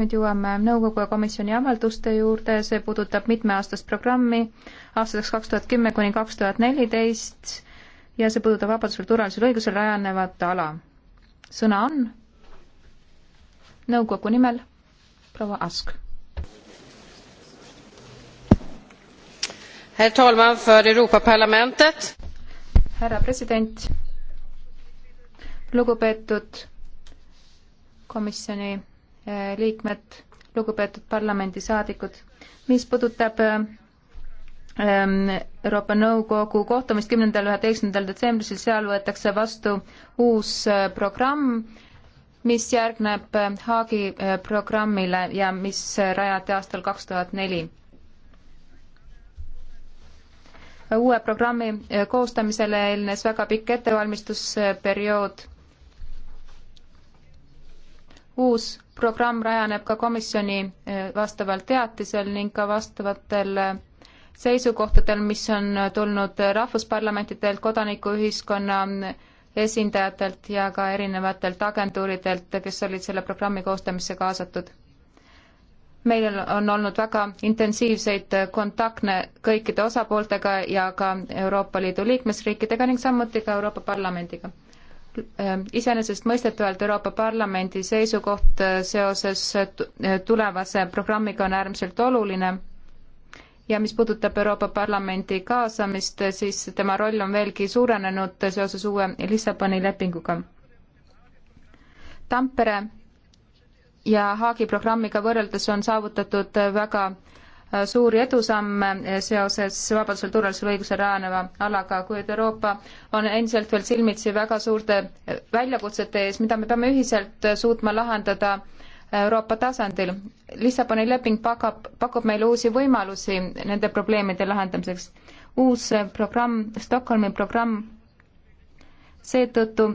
nüüd jõuame nõukogu ja komisjoni avalduste juurde, see puudutab mitmeaastast programmi aastateks kaks tuhat kümme kuni kaks tuhat neliteist ja see puudutab vabadusel, turvalisel, õigusel rajanevat ala. sõna on nõukogu nimel proua Ask. härra president, lugupeetud komisjoni Eh, liikmed, lugupeetud parlamendisaadikud. mis puudutab ehm, Euroopa Nõukogu kohtumist kümnendal, üheteistkümnendal detsembril, seal võetakse vastu uus eh, programm, mis järgneb eh, Haagi programmile ja mis rajati aastal kaks tuhat neli. uue programmi koostamisele eelnes väga pikk ettevalmistusperiood uus programm rajaneb ka komisjoni eh, vastaval teatisel ning ka vastavatel eh, seisukohtadel, mis on tulnud rahvusparlamentidelt, kodanikuühiskonna mm, esindajatelt ja ka erinevatelt agentuuridelt, kes olid selle programmi koostamisse kaasatud. meil on olnud väga intensiivseid kontakte kõikide osapooltega ja ka Euroopa Liidu liikmesriikidega ning samuti ka Euroopa Parlamendiga Äh, iseenesestmõistetavalt Euroopa Parlamendi seisukoht äh, seoses äh, tulevase programmiga on äärmiselt oluline ja mis puudutab Euroopa Parlamendi kaasamist, siis tema roll on veelgi suurenenud seoses uue Lissaboni lepinguga. Tampere ja Haagi programmiga võrreldes on saavutatud väga Äh, suuri edusamme äh, seoses vabadusel, turvalisusel, õigusel rajaneva alaga, kuid Euroopa on endiselt veel silmitsi väga suurte äh, väljakutsete ees, mida me peame ühiselt suutma lahendada Euroopa tasandil. Lissaboni leping pakab, pakub meile uusi võimalusi nende probleemide lahendamiseks. uus programm, Stockholmi programm, seetõttu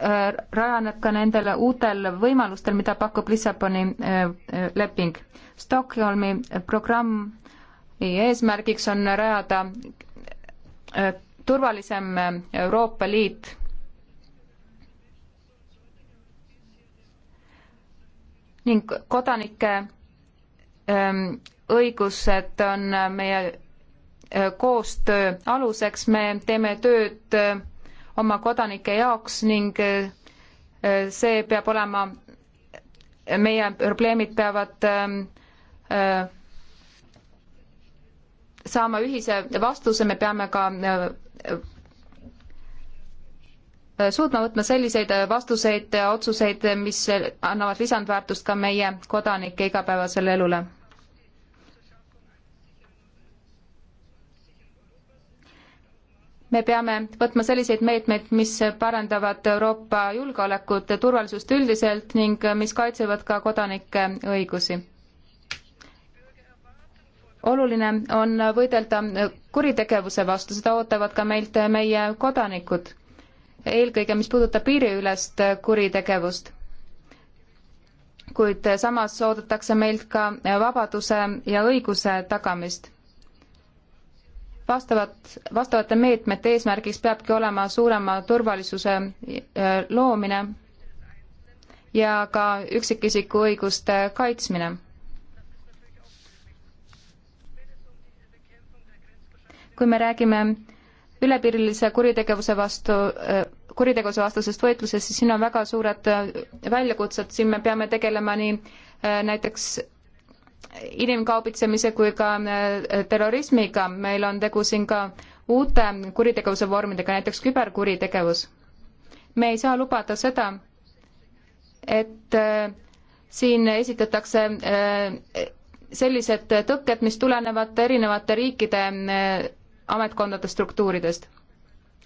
Äh, rajaneb ka nendel uutel võimalustel, mida pakub Lissaboni äh, äh, leping. Stockholmi programmi eesmärgiks on rajada turvalisem Euroopa Liit. ning kodanike ähm, õigused on meie koostöö aluseks, me teeme tööd oma kodanike jaoks ning äh, see peab olema, meie probleemid peavad ähm, äh, saama ühise vastuse, me peame ka äh, suutma võtma selliseid vastuseid, otsuseid, mis annavad lisandväärtust ka meie kodanike igapäevasele elule me peame võtma selliseid meetmeid, mis parandavad Euroopa julgeolekut ja turvalisust üldiselt ning mis kaitsevad ka kodanike õigusi. oluline on võidelda kuritegevuse vastu, seda ootavad ka meilt meie kodanikud, eelkõige mis puudutab piiriülest kuritegevust. kuid samas oodatakse meilt ka vabaduse ja õiguse tagamist vastavat, vastavate meetmete eesmärgiks peabki olema suurema turvalisuse äh, loomine ja ka üksikisiku õiguste kaitsmine. kui me räägime ülepiirilise kuritegevuse vastu, äh, kuritegevuse vastasest võitlusest, siis siin on väga suured äh, väljakutsed, siin me peame tegelema nii näiteks inimkaubitsemise kui ka äh, terrorismiga, meil on tegu siin ka uute kuritegevuse vormidega, näiteks küberkuritegevus. me ei saa lubada seda, et äh, siin esitatakse äh, sellised tõkked, mis tulenevad erinevate riikide ametkondade struktuuridest.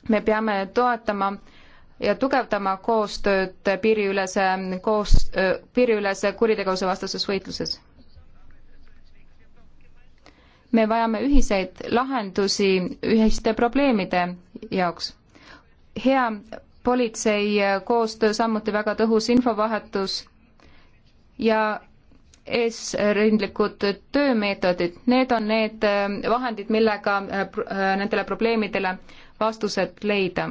me peame toetama ja tugevdama koostööd piiriülese koos, piiriülese kuritegevuse vastases võitluses me vajame ühiseid lahendusi ühiste probleemide jaoks. hea politsei koostöö, samuti väga tõhus infovahetus ja eesrindlikud töömeetodid, need on need ähm, vahendid, millega äh, äh, nendele probleemidele vastused leida.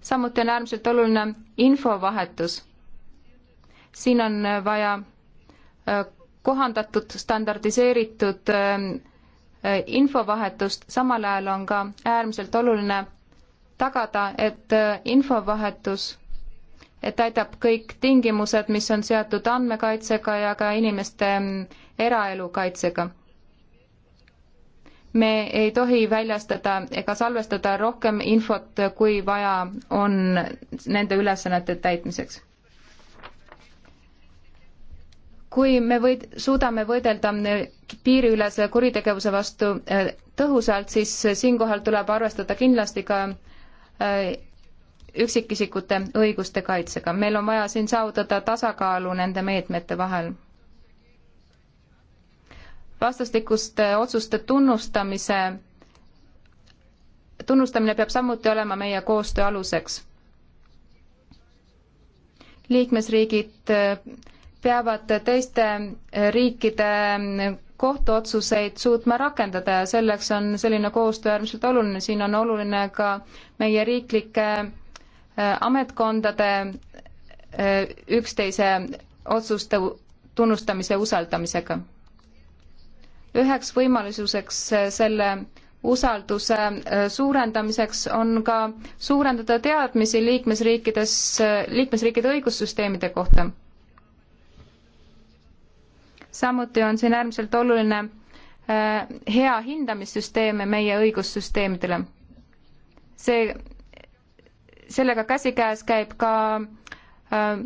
samuti on äärmiselt oluline infovahetus. siin on vaja kohandatud standardiseeritud äh, infovahetust, samal ajal on ka äärmiselt oluline tagada, et äh, infovahetus, et täidab kõik tingimused, mis on seatud andmekaitsega ja ka inimeste mm, eraelu kaitsega. me ei tohi väljastada ega salvestada rohkem infot, kui vaja on nende ülesannete täitmiseks kui me võid-, suudame võidelda piiriülese kuritegevuse vastu äh, tõhusalt, siis siinkohal tuleb arvestada kindlasti ka äh, üksikisikute õiguste kaitsega. meil on vaja siin saavutada tasakaalu nende meetmete vahel. vastastikuste äh, otsuste tunnustamise, tunnustamine peab samuti olema meie koostöö aluseks. liikmesriigid peavad teiste riikide kohtuotsuseid suutma rakendada ja selleks on selline koostöö äärmiselt oluline, siin on oluline ka meie riiklike äh, ametkondade äh, üksteise otsuste tunnustamise usaldamisega. üheks võimaluseks äh, selle usalduse suurendamiseks on ka suurendada teadmisi liikmesriikides, liikmesriikide õigussüsteemide kohta samuti on siin äärmiselt oluline äh, hea hindamissüsteem meie õigussüsteemidele. see, sellega käsikäes käib ka äh,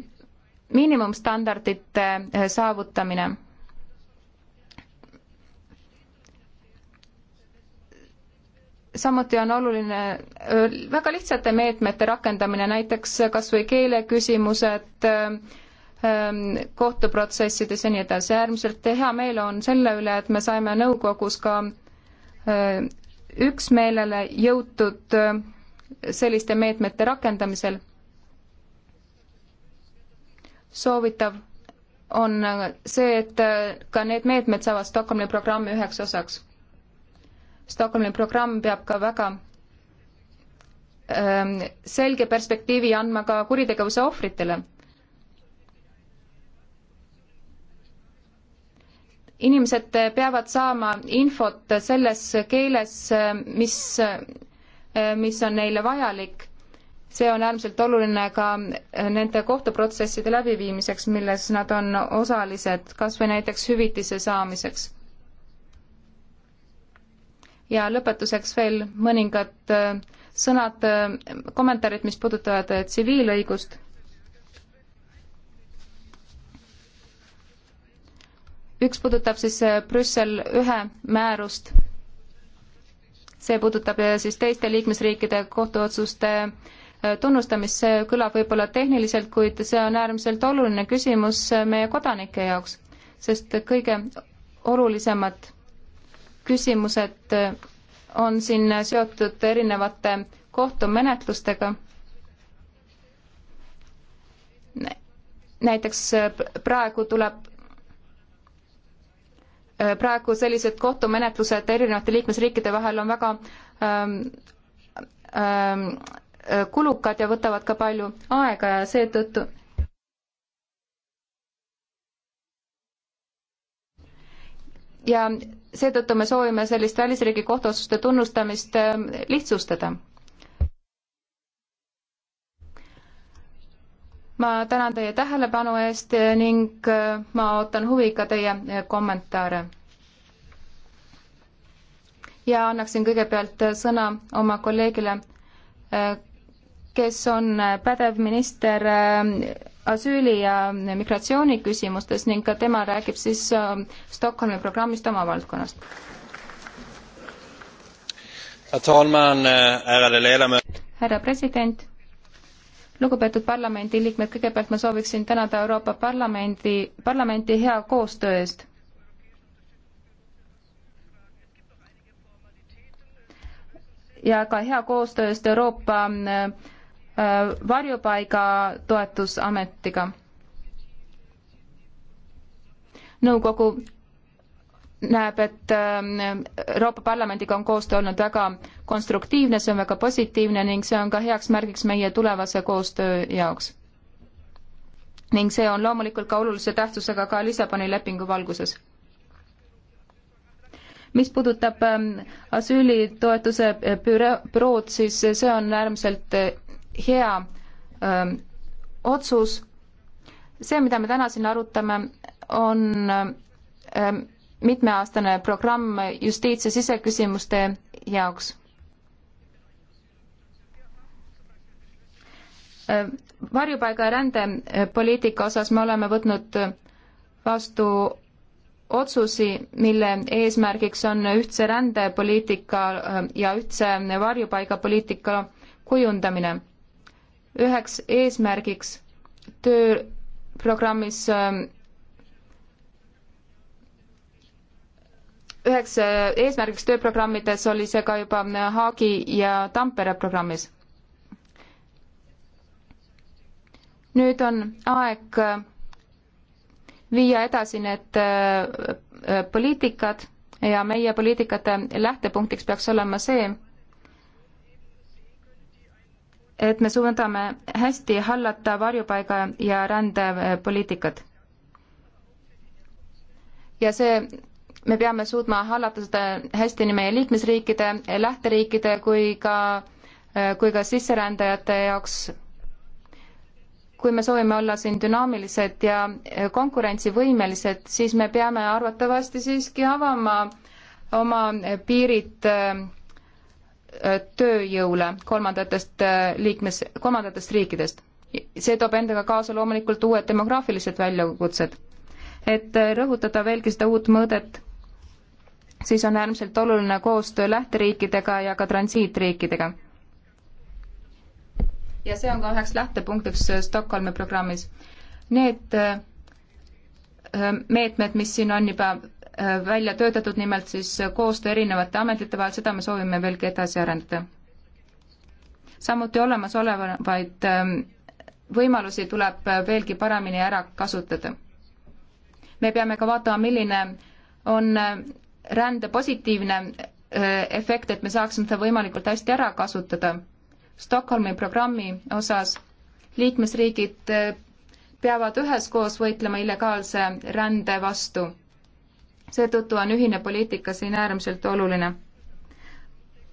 miinimumstandardite äh, saavutamine. samuti on oluline väga lihtsate meetmete rakendamine, näiteks kas või keeleküsimused, Ähm, kohtuprotsessides ja nii edasi. äärmiselt hea meel on selle üle, et me saime nõukogus ka äh, üksmeelele jõutud äh, selliste meetmete rakendamisel. soovitav on äh, see, et ka need meetmed saavad Stockholmi programmi üheks osaks. Stockholmi programm peab ka väga ähm, selge perspektiivi andma ka kuritegevuse ohvritele inimesed peavad saama infot selles keeles, mis, mis on neile vajalik. see on äärmiselt oluline ka nende kohtuprotsesside läbiviimiseks, milles nad on osalised, kas või näiteks hüvitise saamiseks. ja lõpetuseks veel mõningad äh, sõnad, äh, kommentaarid, mis puudutavad äh, tsiviilõigust üks puudutab siis äh, Brüssel ühe määrust. see puudutab äh, siis teiste liikmesriikide kohtuotsuste äh, tunnustamist, see kõlab võib-olla tehniliselt, kuid see on äärmiselt oluline küsimus meie kodanike jaoks, sest kõige olulisemad küsimused on siin seotud erinevate kohtumenetlustega näiteks praegu tuleb Äh, praegu sellised kohtumenetlused erinevate liikmesriikide vahel on väga ähm, ähm, äh, kulukad ja võtavad ka palju aega ja seetõttu ja seetõttu me soovime sellist välisriigi kohtuotsuste tunnustamist ähm, lihtsustada ma tänan teie tähelepanu eest ning äh, ma ootan huviga teie äh, kommentaare. ja annaksin kõigepealt äh, sõna oma kolleegile, kes on pädev minister asüüli ja migratsiooniküsimustes ning ka tema räägib siis Stockholmi programmist oma valdkonnast. härra president lugupeetud parlamendiliikmed, kõigepealt ma sooviksin tänada Euroopa Parlamendi, parlamenti hea koostöö eest. ja ka hea koostöö eest Euroopa äh, varjupaiga toetusametiga. nõukogu näeb, et ähm, Euroopa Parlamendiga on koostöö olnud väga konstruktiivne, see on väga positiivne ning see on ka heaks märgiks meie tulevase koostöö jaoks. ning see on loomulikult ka olulise tähtsusega ka Lissaboni lepingu valguses. mis puudutab ähm, asüülitoetuse bürood, siis see on äärmiselt äh, hea öö, ähm, otsus. see, mida me täna siin arutame, on öö, mitmeaastane programm justiits- ja siseküsimuste jaoks. varjupaiga ja rändepoliitika osas me oleme võtnud vastu otsusi, mille eesmärgiks on ühtse rändepoliitika ja ühtse varjupaigapoliitika kujundamine. üheks eesmärgiks tööprogrammis üheks äh, eesmärgiks tööprogrammides oli see ka juba äh, Haagi ja Tampere programmis. nüüd on aeg äh, viia edasi need poliitikad ja meie poliitikate lähtepunktiks peaks olema see, et me suudame hästi hallata varjupaiga ja rändepoliitikat. ja see me peame suutma hallata seda hästi nii meie liikmesriikide, lähteriikide kui ka, kui ka sisserändajate jaoks. kui me soovime olla siin dünaamilised ja konkurentsivõimelised, siis me peame arvatavasti siiski avama oma piirid äh, tööjõule kolmandatest äh, liikmes, kolmandatest riikidest. see toob endaga kaasa loomulikult uued demograafilised väljakutsed et rõhutada veelgi seda uut mõõdet, siis on äärmiselt oluline koostöö lähteriikidega ja ka transiitriikidega. ja see on ka üheks lähtepunktiks Stockholmi programmis. Need äh, meetmed, mis siin on juba äh, välja töötatud, nimelt siis koostöö erinevate ametite vahel, seda me soovime veelgi edasi arendada. samuti olemasolevaid ähm, võimalusi tuleb äh, veelgi paremini ära kasutada me peame ka vaatama, milline on äh, rände positiivne äh, efekt, et me saaksime seda võimalikult hästi ära kasutada. Stockholmi programmi osas liikmesriigid äh, peavad üheskoos võitlema illegaalse rände vastu. seetõttu on ühine poliitika siin äärmiselt oluline.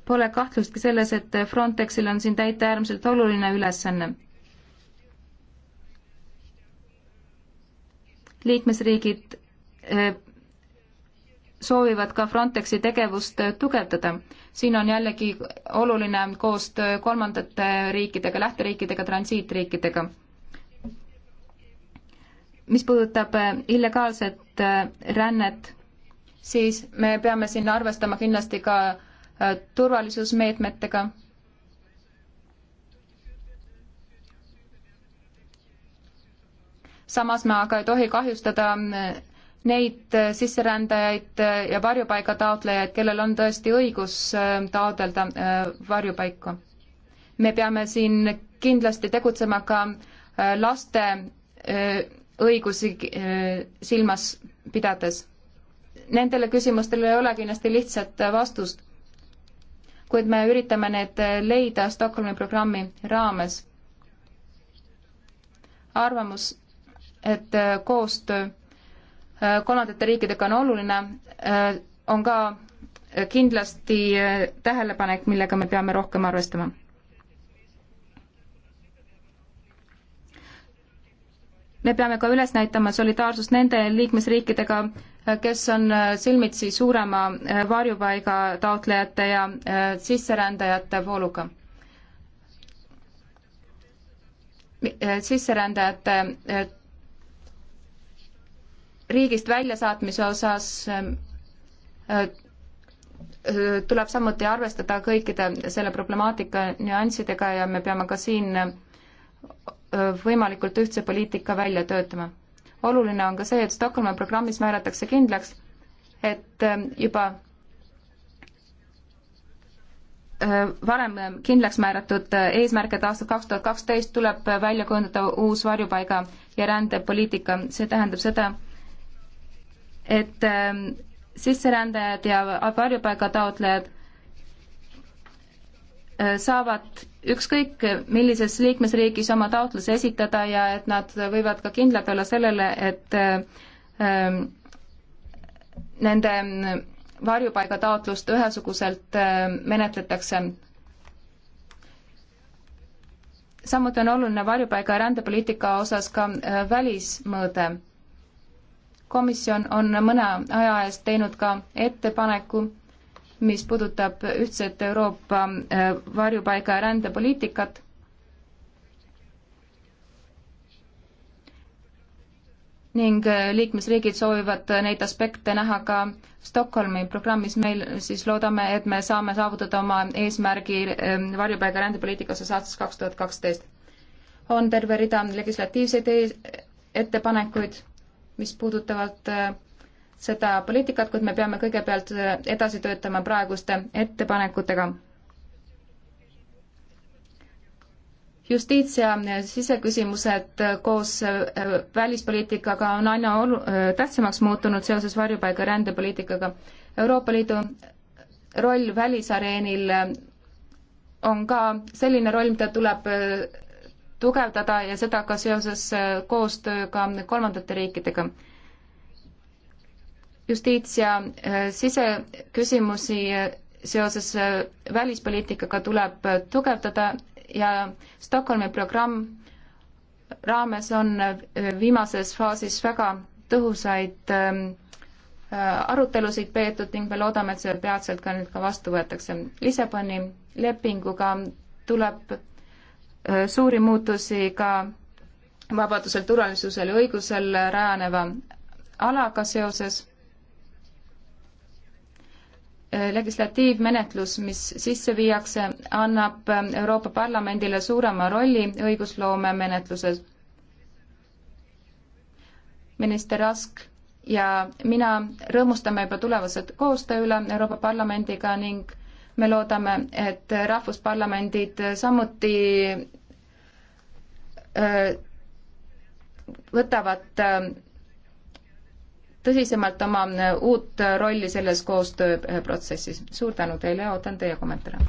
Pole kahtlustki selles, et Frontexil on siin täita äärmiselt oluline ülesanne liikmesriigid eh, soovivad ka Frontexi tegevust eh, tugevdada. siin on jällegi oluline koostöö kolmandate riikidega, lähteriikidega, transiitriikidega. mis puudutab eh, illegaalset rännet, siis me peame siin arvestama kindlasti ka turvalisusmeetmetega samas me aga ei tohi kahjustada mm, neid äh, sisserändajaid äh, ja varjupaiga taotlejaid, kellel on tõesti õigus äh, taotleda varjupaika. me peame siin kindlasti tegutsema ka laste õigusi silmas pidades. Nendele küsimustele ei ole kindlasti lihtsat vastust, kuid me üritame need leida Stockholmi programmi raames. arvamus et äh, koostöö äh, kolmandate riikidega on oluline, äh, on ka kindlasti tähelepanek, millega me peame rohkem arvestama. me peame ka üles näitama solidaarsust nende liikmesriikidega, kes on silmitsi suurema varjupaiga taotlejate ja sisserändajate vooluga. sisserändajate riigist väljasaatmise osas ähm, äh, äh, tuleb samuti arvestada kõikide selle problemaatika nüanssidega ja me peame ka siin äh, võimalikult ühtse poliitika välja töötama. oluline on ka see, et Stockholmi programmis määratakse kindlaks, et juba varem kindlaks määratud eesmärked aastast kaks tuhat kaksteist tuleb välja kujundada uus varjupaiga ja rändepoliitika, see tähendab seda, et ähm, sisserändajad ja varjupaigataotlejad äh, saavad ükskõik millises liikmesriigis oma taotluse esitada ja et nad võivad ka kindlad olla sellele, et ähm, nende ähm, varjupaigataotlust ühesuguselt menetletakse. samuti on oluline varjupaiga ja rändepoliitika osas ka äh, välismõõde komisjon on mõne aja eest teinud ka ettepaneku, mis puudutab ühtset Euroopa äh, varjupaiga ja rändepoliitikat. ning äh, liikmesriigid soovivad neid aspekte näha ka Stockholmi programmis. meil siis loodame, et me saame saavutada oma eesmärgi ähm, varjupaiga rändepoliitika osas aastast kaks tuhat kaksteist. on terve rida legislatiivseid e-, ettepanekuid mis puudutavad äh, seda poliitikat, kuid me peame kõigepealt äh, edasi töötama praeguste ettepanekutega. justiits- ja äh, siseküsimused koos välispoliitikaga on aina olu-, tähtsamaks muutunud seoses varjupaiga rändepoliitikaga. Euroopa Liidu roll välisareenil on ka selline roll, mida tuleb tugevdada ja seda ka seoses äh, koostööga kolmandate riikidega. justiits- ja äh, siseküsimusi äh, seoses välispoliitikaga tuleb tugevdada ja Stockholmi programm raames on viimases faasis väga tõhusaid ähm, arutelusid peetud ning me loodame, et see peatselt ka nüüd ka vastu võetakse. Lissaboni lepinguga tuleb Äh, suuri muutusi ka vabadusel, turvalisusel ja õigusel rajaneva alaga seoses. Äh, legislatiivmenetlus, mis sisse viiakse, annab äh, Euroopa Parlamendile suurema rolli õigusloome menetluses. minister Ask ja mina rõõmustame juba tulevase koostöö üle Euroopa Parlamendiga ning me loodame, et rahvusparlamendid samuti Äh, võtavad äh, tõsisemalt oma äh, uut rolli selles koostööprotsessis. suur tänu teile ja ootan teie kommentaare.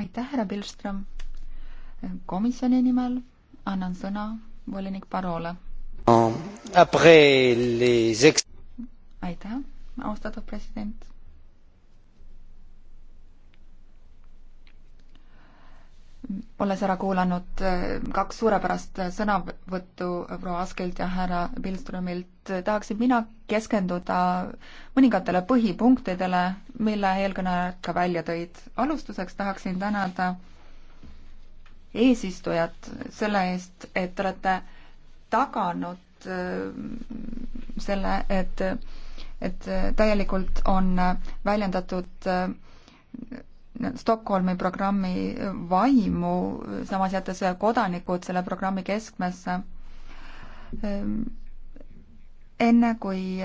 aitäh, härra Pilström. komisjoni nimel annan sõna volinik Parole. aitäh, austatud president olles ära kuulanud äh, kaks suurepärast sõnavõttu proua Askelt ja härra Pilstrumilt, tahaksin mina keskenduda mõningatele põhipunktidele, mille eelkõnelejad ka välja tõid. alustuseks tahaksin tänada eesistujat selle eest, et te olete taganud äh, selle, et, et täielikult on väljendatud äh, Stockholmi programmi vaimu, samas jättes kodanikud selle programmi keskmesse. enne kui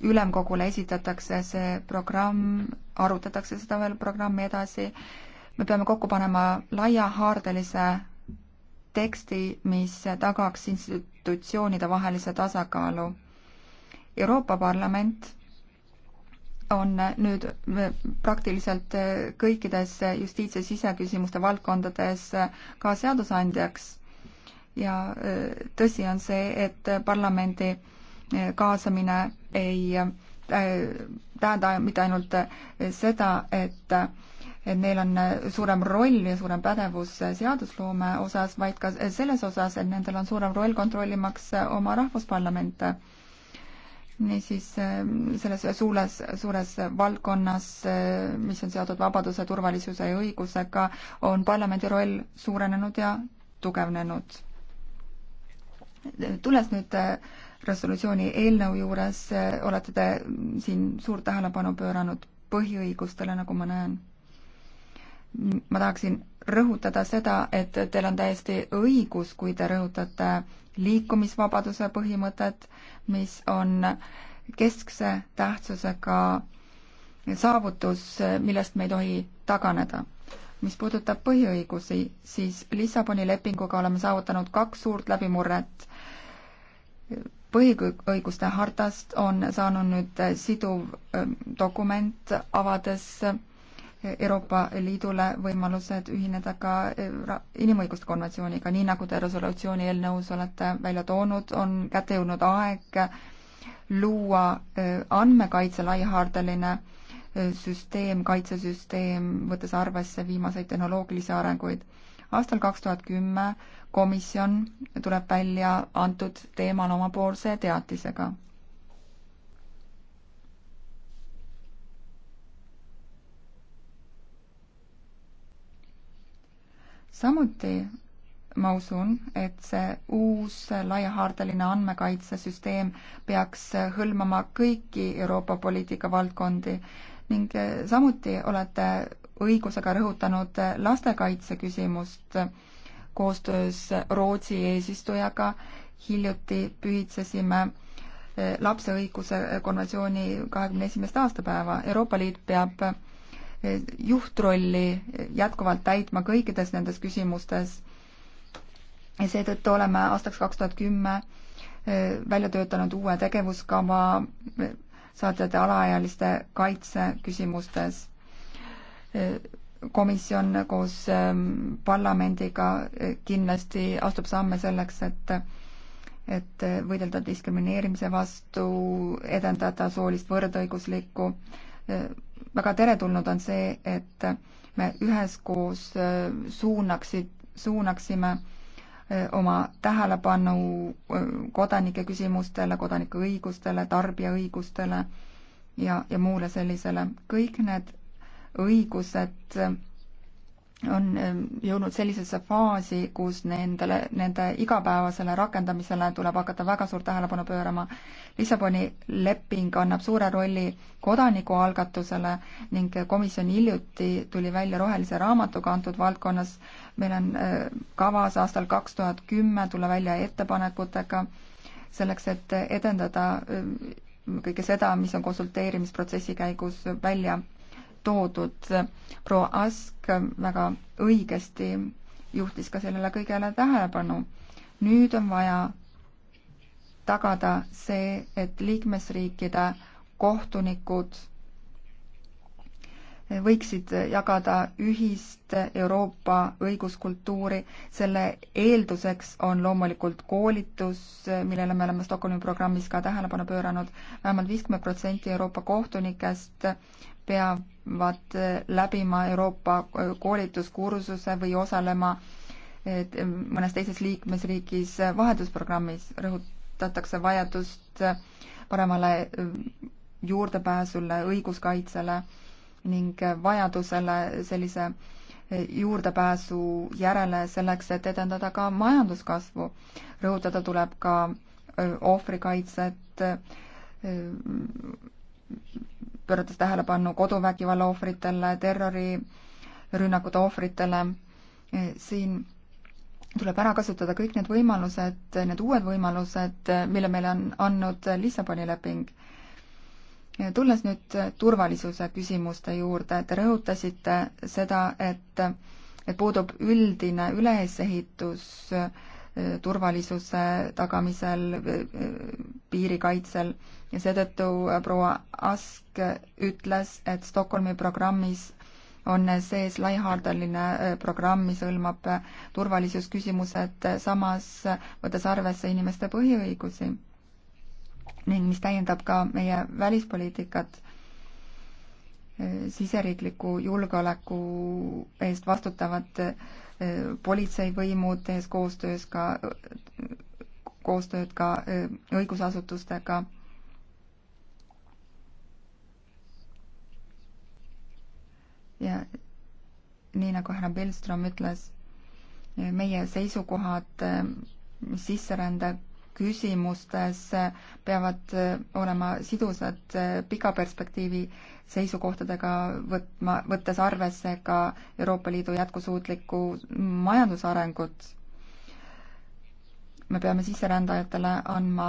ülemkogule esitatakse see programm, arutatakse seda veel programmi edasi, me peame kokku panema laiahaardelise teksti, mis tagaks institutsioonide vahelise tasakaalu. Euroopa Parlament on nüüd äh, praktiliselt äh, kõikides äh, justiits- ja siseküsimuste valdkondades ka seadusandjaks. ja tõsi on see, et parlamendi kaasamine ei tähenda mitte ainult seda, et et neil on suurem roll ja suurem pädevus seadusloome osas, vaid ka selles osas, et nendel on suurem roll kontrollimaks oma rahvusparlamente niisiis ähm, selles suures, suures valdkonnas, äh, mis on seotud vabaduse, turvalisuse ja õigusega, on parlamendi roll suurenenud ja tugevnenud. tulles nüüd äh, resolutsiooni eelnõu juures, äh, olete te siin suurt tähelepanu pööranud põhiõigustele, nagu ma näen. ma tahaksin rõhutada seda, et teil on täiesti õigus, kui te rõhutate liikumisvabaduse põhimõtet, mis on keskse tähtsusega saavutus, millest me ei tohi taganeda. mis puudutab põhiõigusi, siis Lissaboni lepinguga oleme saavutanud kaks suurt läbimurret. põhiõiguste hartast on saanud nüüd siduv ähm, dokument, avades Euroopa Liidule võimalused ühineda ka eh, inimõiguste konventsiooniga, nii nagu te resolutsiooni eelnõus olete välja toonud, on kätte jõudnud aeg eh, luua eh, andmekaitse laiahaardeline süsteem, kaitsesüsteem, võttes arvesse viimaseid tehnoloogilisi arenguid. aastal kaks tuhat kümme komisjon tuleb välja antud teemal omapoolse teatisega samuti ma usun, et see uus laiahaardeline andmekaitsesüsteem peaks hõlmama kõiki Euroopa poliitika valdkondi ning samuti olete õigusega rõhutanud lastekaitse küsimust koostöös Rootsi eesistujaga. hiljuti pühitsesime lapse õiguse konventsiooni kahekümne esimest aastapäeva. Euroopa Liit peab juhtrolli jätkuvalt täitma kõikides nendes küsimustes. ja seetõttu oleme aastaks kaks tuhat kümme eh, välja töötanud uue tegevuskava eh, saatjate alaealiste kaitse küsimustes. Eh, komisjon koos ehm, parlamendiga kindlasti astub samme selleks, et et võidelda diskrimineerimise vastu, edendada soolist võrdõiguslikku äh, väga teretulnud on see, et me üheskoos äh, suunaksid, suunaksime äh, oma tähelepanu äh, kodanike küsimustele, kodanike õigustele, tarbija õigustele ja, ja muule sellisele. kõik need õigused on ähm, jõudnud sellisesse faasi, kus nendele, nende igapäevasele rakendamisele tuleb hakata väga suurt tähelepanu pöörama. Lissaboni leping annab suure rolli kodanikualgatusele ning komisjon hiljuti tuli välja rohelise raamatuga antud valdkonnas. meil on äh, kavas aastal kaks tuhat kümme tulla välja ettepanekutega selleks, et edendada äh, kõike seda, mis on konsulteerimisprotsessi käigus välja toodud. proua Ask väga õigesti juhtis ka sellele kõigele tähelepanu. nüüd on vaja tagada see, et liikmesriikide kohtunikud võiksid jagada ühist Euroopa õiguskultuuri. selle eelduseks on loomulikult koolitus, millele me oleme Stockholmi programmis ka tähelepanu pööranud vähemalt. vähemalt viiskümmend protsenti Euroopa kohtunikest peavad läbima Euroopa koolituskursuse või osalema mõnes teises liikmesriigis vahetusprogrammis. rõhutatakse vajadust paremale juurdepääsule, õiguskaitsele ning vajadusele sellise juurdepääsu järele selleks, et edendada ka majanduskasvu. rõhutada tuleb ka ohvrikaitset, pöörates tähelepanu koduvägivalla ohvritele, terrorirünnakute ohvritele, siin tuleb ära kasutada kõik need võimalused, need uued võimalused, mille meile on andnud Lissaboni leping. tulles nüüd turvalisuse küsimuste juurde, te rõhutasite seda, et, et puudub üldine ülesehitus äh, turvalisuse tagamisel, äh, piirikaitsel ja seetõttu äh, proua Ask äh, ütles, et Stockholmi programmis on äh, sees laiahaardeline programm, mis hõlmab turvalisusküsimused, samas võttes arvesse inimeste põhiõigusi ning mis täiendab ka meie välispoliitikat siseriikliku julgeoleku eest vastutavad politseivõimud, tehes koostöös ka, koostööd ka õigusasutustega ja nii nagu härra Pilström ütles, meie seisukohad eh, sisserände küsimustes eh, peavad eh, olema sidusad pika perspektiivi seisukohtadega, võtma, võttes arvesse ka Euroopa Liidu jätkusuutlikku majandusarengut. me peame sisserändajatele andma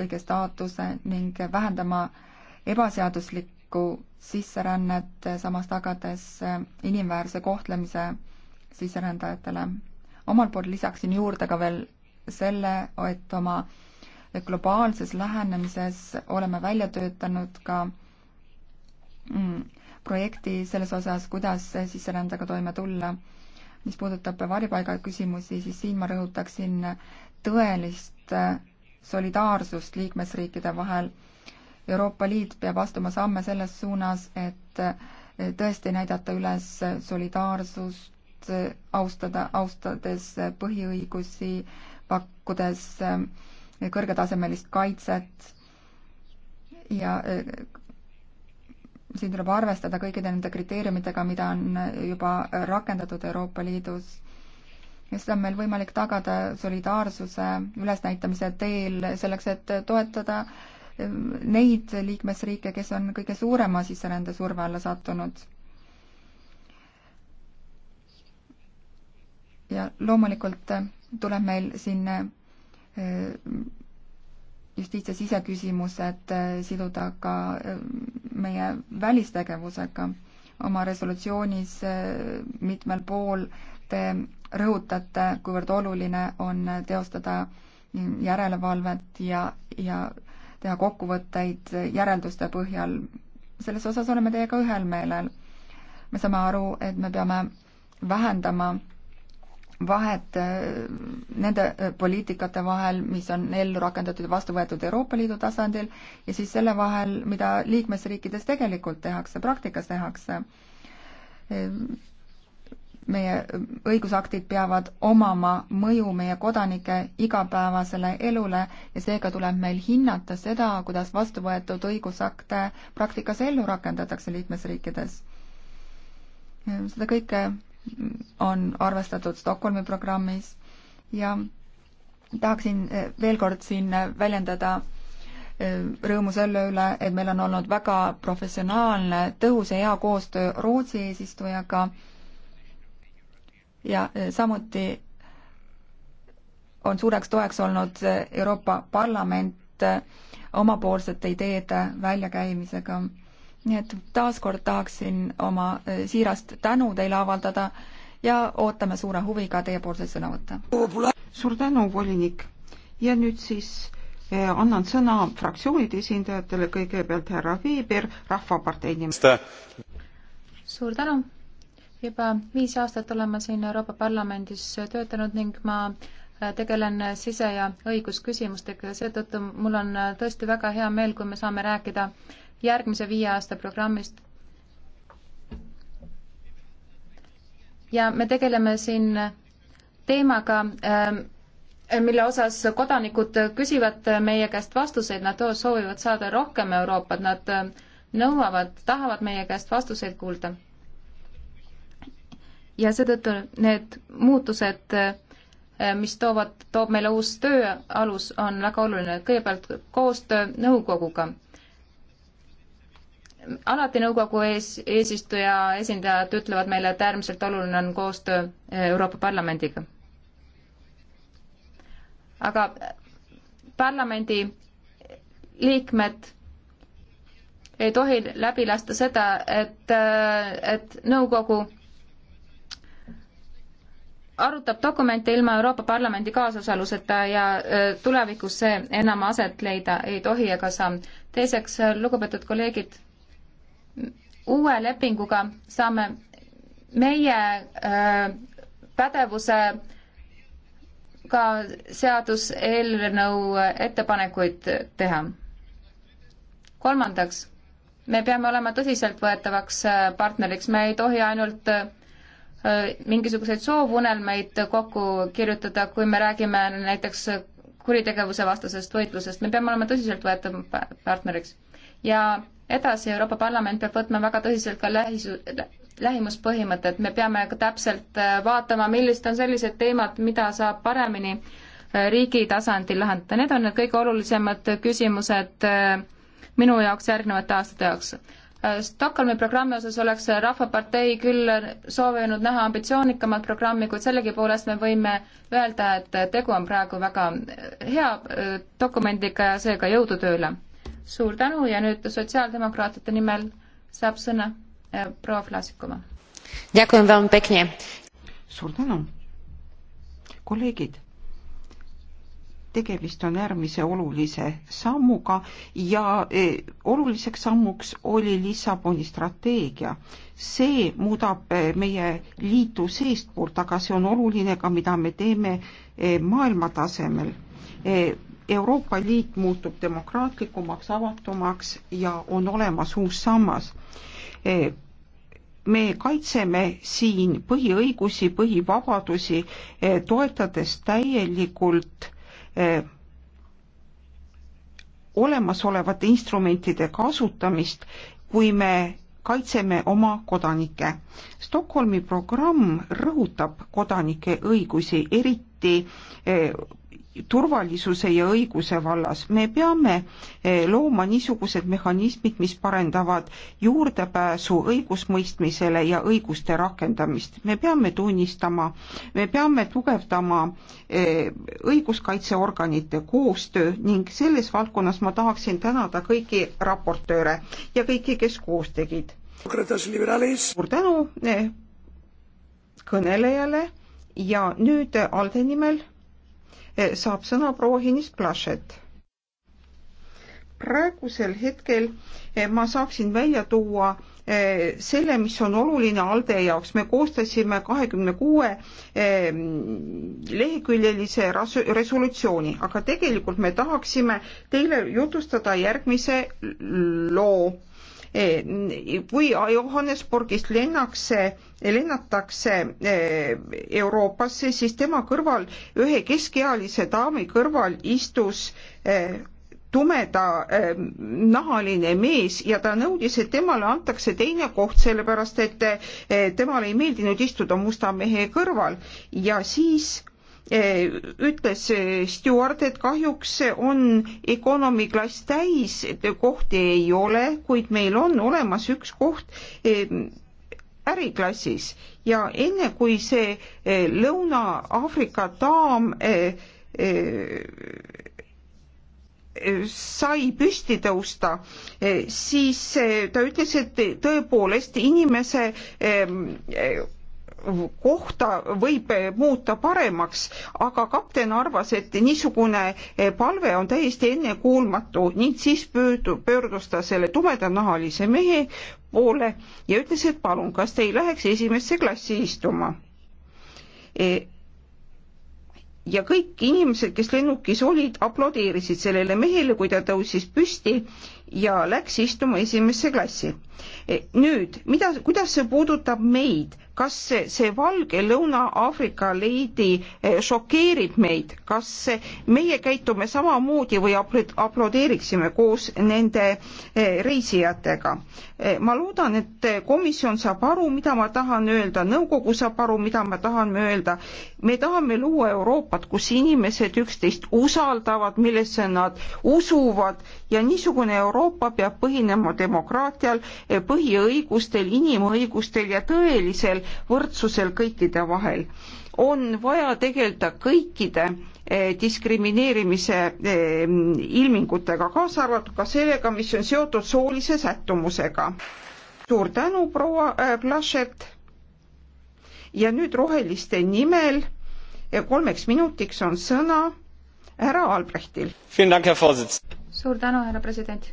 õige staatuse ning vähendama ebaseaduslik, seaduslikku sisserännet, samas tagades eh, inimväärse kohtlemise sisserändajatele. omalt poolt lisaksin juurde ka veel selle, et oma globaalses lähenemises oleme välja töötanud ka mm, projekti selles osas, kuidas sisserändega toime tulla. mis puudutab varjupaiga küsimusi, siis siin ma rõhutaksin tõelist eh, solidaarsust liikmesriikide vahel Euroopa Liit peab astuma samme selles suunas, et tõesti näidata üles solidaarsust, austada, austades põhiõigusi, pakkudes eh, kõrgetasemelist kaitset ja eh, siin tuleb arvestada kõikide nende kriteeriumitega, mida on juba rakendatud Euroopa Liidus. ja seda on meil võimalik tagada solidaarsuse ülesnäitamise teel selleks, et toetada äh, neid liikmesriike, kes on kõige suurema sisserände surve alla sattunud. ja loomulikult tuleb meil siin äh, justiits- ja siseküsimused äh, siduda ka äh, meie välistegevusega. oma resolutsioonis mitmel pool te rõhutate, kuivõrd oluline on teostada järelevalvet ja, ja teha kokkuvõtteid järelduste põhjal. selles osas oleme teiega ühel meelel. me saame aru, et me peame vähendama vahet äh, nende äh, poliitikate vahel, mis on ellu rakendatud ja vastu võetud Euroopa Liidu tasandil ja siis selle vahel, mida liikmesriikides tegelikult tehakse, praktikas tehakse. Äh, meie õigusaktid peavad omama mõju meie kodanike igapäevasele elule ja seega tuleb meil hinnata seda, kuidas vastu võetud õigusakte praktikas ellu rakendatakse liikmesriikides. seda kõike on arvestatud Stockholmi programmis ja tahaksin eh, veel kord siin väljendada eh, rõõmu selle üle, et meil on olnud väga professionaalne, tõhus ja hea koostöö Rootsi eesistujaga ja eh, samuti on suureks toeks olnud eh, Euroopa Parlament eh, omapoolsete ideede väljakäimisega. nii et taaskord tahaksin oma siirast tänu teile avaldada ja ootame suure huviga teiepoolseid sõnavõtte. suur tänu, volinik. ja nüüd siis annan sõna fraktsioonide esindajatele, kõigepealt härra Veeber Rahvapartei nimel. suur tänu juba viis aastat olen ma siin Euroopa Parlamendis töötanud ning ma äh, tegelen sise- ja õigusküsimustega ja seetõttu mul on äh, tõesti väga hea meel, kui me saame rääkida järgmise viie aasta programmist. ja me tegeleme siin äh, teemaga, ähm, mille osas kodanikud küsivad meie käest vastuseid, nad soovivad saada rohkem Euroopat, nad nõuavad, tahavad meie käest vastuseid kuulda ja seetõttu need muutused, äh, mis toovad, toob meile uus tööalus, on väga oluline. kõigepealt koostöö nõukoguga. alati nõukogu ees, eesistuja esindajad ütlevad meile, et äärmiselt oluline on koostöö äh, Euroopa Parlamendiga. aga äh, parlamendi liikmed ei tohi läbi lasta seda, et, et nõukogu arutab dokumente ilma Euroopa Parlamendi kaasosaluseta ja e, tulevikus see enam aset leida ei tohi ega saa. teiseks, e, lugupeetud kolleegid, uue lepinguga saame meie e, pädevuse ka seaduseelnõu ettepanekuid teha. kolmandaks, me peame olema tõsiseltvõetavaks partneriks, me ei tohi ainult Äh, mingisuguseid soovunelmeid kokku kirjutada, kui me räägime näiteks kuritegevuse vastasest võitlusest, me peame olema tõsiseltvõetav partneriks. ja edasi, Euroopa Parlament peab võtma väga tõsiselt ka lähis-, lähimuspõhimõtet, me peame ka täpselt äh, vaatama, millised on sellised teemad, mida saab paremini äh, riigi tasandil lahendada, need on need kõige olulisemad küsimused minu jaoks järgnevate aastate jaoks. Stockholmi programmi osas oleks Rahvapartei küll soovinud näha ambitsioonikamat programmi, kuid sellegipoolest me võime öelda, et tegu on praegu väga hea äh, dokumendiga ja seega jõudu tööle. suur tänu ja nüüd sotsiaaldemokraatide nimel saab sõna äh, proua Vlasikova. suur tänu. kolleegid tegemist on äärmise olulise sammuga ja eh, oluliseks sammuks oli Lissaboni strateegia. see muudab eh, meie liitu seestpoolt, aga see on oluline ka, mida me teeme eh, maailma tasemel. Euroopa Liit muutub demokraatlikumaks, avatumaks ja on olemas uus sammas me kaitseme siin põhiõigusi, põhivabadusi, toetades täielikult Eh, olemasolevate instrumentide kasutamist, kui me kaitseme oma kodanikke. Stockholmi programm rõhutab kodanike õigusi, eriti eh, turvalisuse ja õiguse vallas. me peame eh, looma niisugused mehhanismid, mis parendavad juurdepääsu õigusmõistmisele ja õiguste rakendamist. me peame tunnistama, me peame tugevdama eh, õiguskaitseorganite koostöö ning selles valdkonnas ma tahaksin tänada kõiki raportööre ja kõiki, kes koos tegid. suur tänu eh, kõnelejale ja nüüd Alde nimel Eh, saab sõna proua Hinis Plašet. praegusel hetkel eh, ma saaksin välja tuua eh, selle, mis on oluline ALDE jaoks, me koostasime kahekümne kuue leheküljelise resolutsiooni, aga tegelikult me tahaksime teile jutustada järgmise loo Eh, kui Johannesburgist lennakse, lennatakse eh, Euroopasse, siis tema kõrval, ühe keskealise daami kõrval istus eh, tumeda nahaline mees ja ta nõudis, et temale antakse teine koht, sellepärast et temale ei meeldinud istuda musta mehe kõrval ja siis Äh, ütles äh, Stewart, et kahjuks on economy klass täis, kohti ei ole, kuid meil on olemas üks koht ähm, äriklassis ja enne kui see äh, Lõuna-Aafrika daam sai püsti tõusta, siis ta ütles, et tõepoolest inimese ähm, kohta võib muuta paremaks, aga kapten arvas, et niisugune palve on täiesti ennekuulmatu ning siis pöördu-, pöördus ta selle tumedanahalise mehe poole ja ütles, et palun, kas te ei läheks esimesse klassi istuma? E, ja kõik inimesed, kes lennukis olid, aplodeerisid sellele mehele, kui ta tõusis püsti ja läks istuma esimesse klassi. E, nüüd, mida, kuidas see puudutab meid, kas see, see valge Lõuna-Aafrika leidi e, šokeerib meid, kas meie käitume samamoodi või aplodeeriksime koos nende e, reisijatega? ma loodan, et komisjon saab aru, mida ma tahan öelda, nõukogu saab aru, mida ma tahan öelda. me tahame luua Euroopat, kus inimesed üksteist usaldavad, millesse nad usuvad ja niisugune Euroopa Euroopa peab põhinema demokraatial, põhiõigustel, inimõigustel ja tõelisel võrdsusel kõikide vahel. on vaja tegeleda kõikide eh, diskrimineerimise eh, ilmingutega, kaasa arvatud ka sellega, mis on seotud soolise sättumusega. suur tänu, proua Plašert. Eh, ja nüüd roheliste nimel kolmeks minutiks on sõna härra Albrechtil. suur tänu, härra president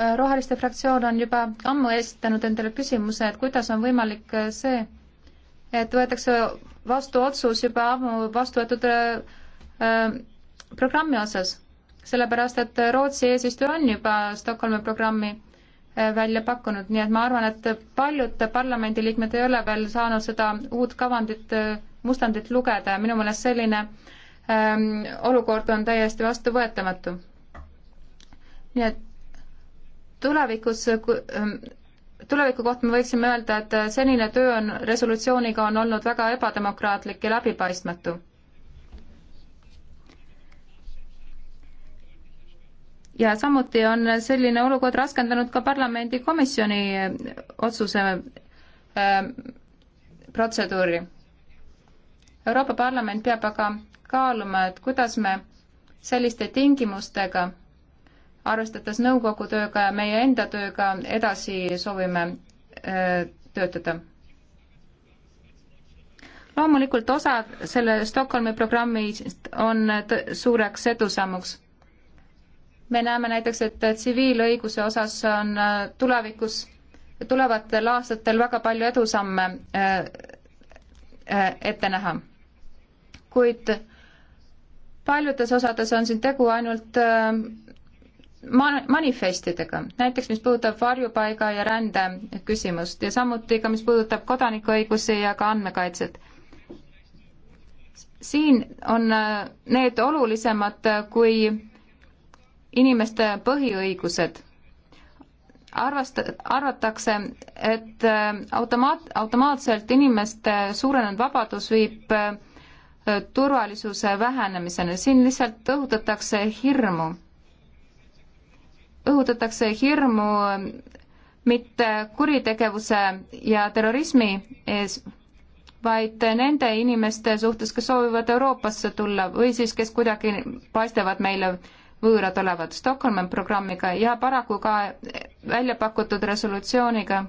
Äh, roheliste fraktsioon on juba ammu esitanud endale küsimuse, et kuidas on võimalik äh, see, et võetakse vastu otsus juba ammu vastu võetud äh, äh, programmi osas, sellepärast et Rootsi eesistuja on juba Stockholmi programmi välja pakkunud, nii et ma arvan, et paljud parlamendiliikmed ei ole veel saanud seda uut kavandit, mustandit lugeda ja minu meelest selline ähm, olukord on täiesti vastuvõetamatu. nii et tulevikus ähm, tuleviku kohta me võiksime öelda, et äh, senine töö on resolutsiooniga on olnud väga ebademokraatlik ja läbipaistmatu. ja samuti on selline olukord raskendanud ka parlamendi komisjoni äh, otsuse äh, protseduuri. Euroopa Parlament peab aga kaaluma, et kuidas me selliste tingimustega arvestades nõukogu tööga ja meie enda tööga edasi soovime öö, äh, töötada. loomulikult osa selle Stockholmi programmist on äh, suureks edusammuks. me näeme näiteks, et äh, tsiviilõiguse osas on tulevikus, tulevatel aastatel väga palju edusamme öö, ette näha. kuid paljudes osades on siin tegu ainult manifestidega, näiteks mis puudutab varjupaiga ja rände küsimust ja samuti ka, mis puudutab kodanikuõigusi ja ka andmekaitset. siin on äh, need olulisemad kui inimeste põhiõigused. arvast-, arvatakse, et äh, automaat, automaatselt inimeste suurenenud vabadus viib äh, turvalisuse vähenemiseni, siin lihtsalt õhutatakse hirmu õhutatakse hirmu mitte kuritegevuse ja terrorismi ees, vaid nende inimeste suhtes, kes soovivad Euroopasse tulla või siis, kes kuidagi paistavad meile võõrad olevat Stockholmi programmiga ja paraku ka välja pakutud resolutsiooniga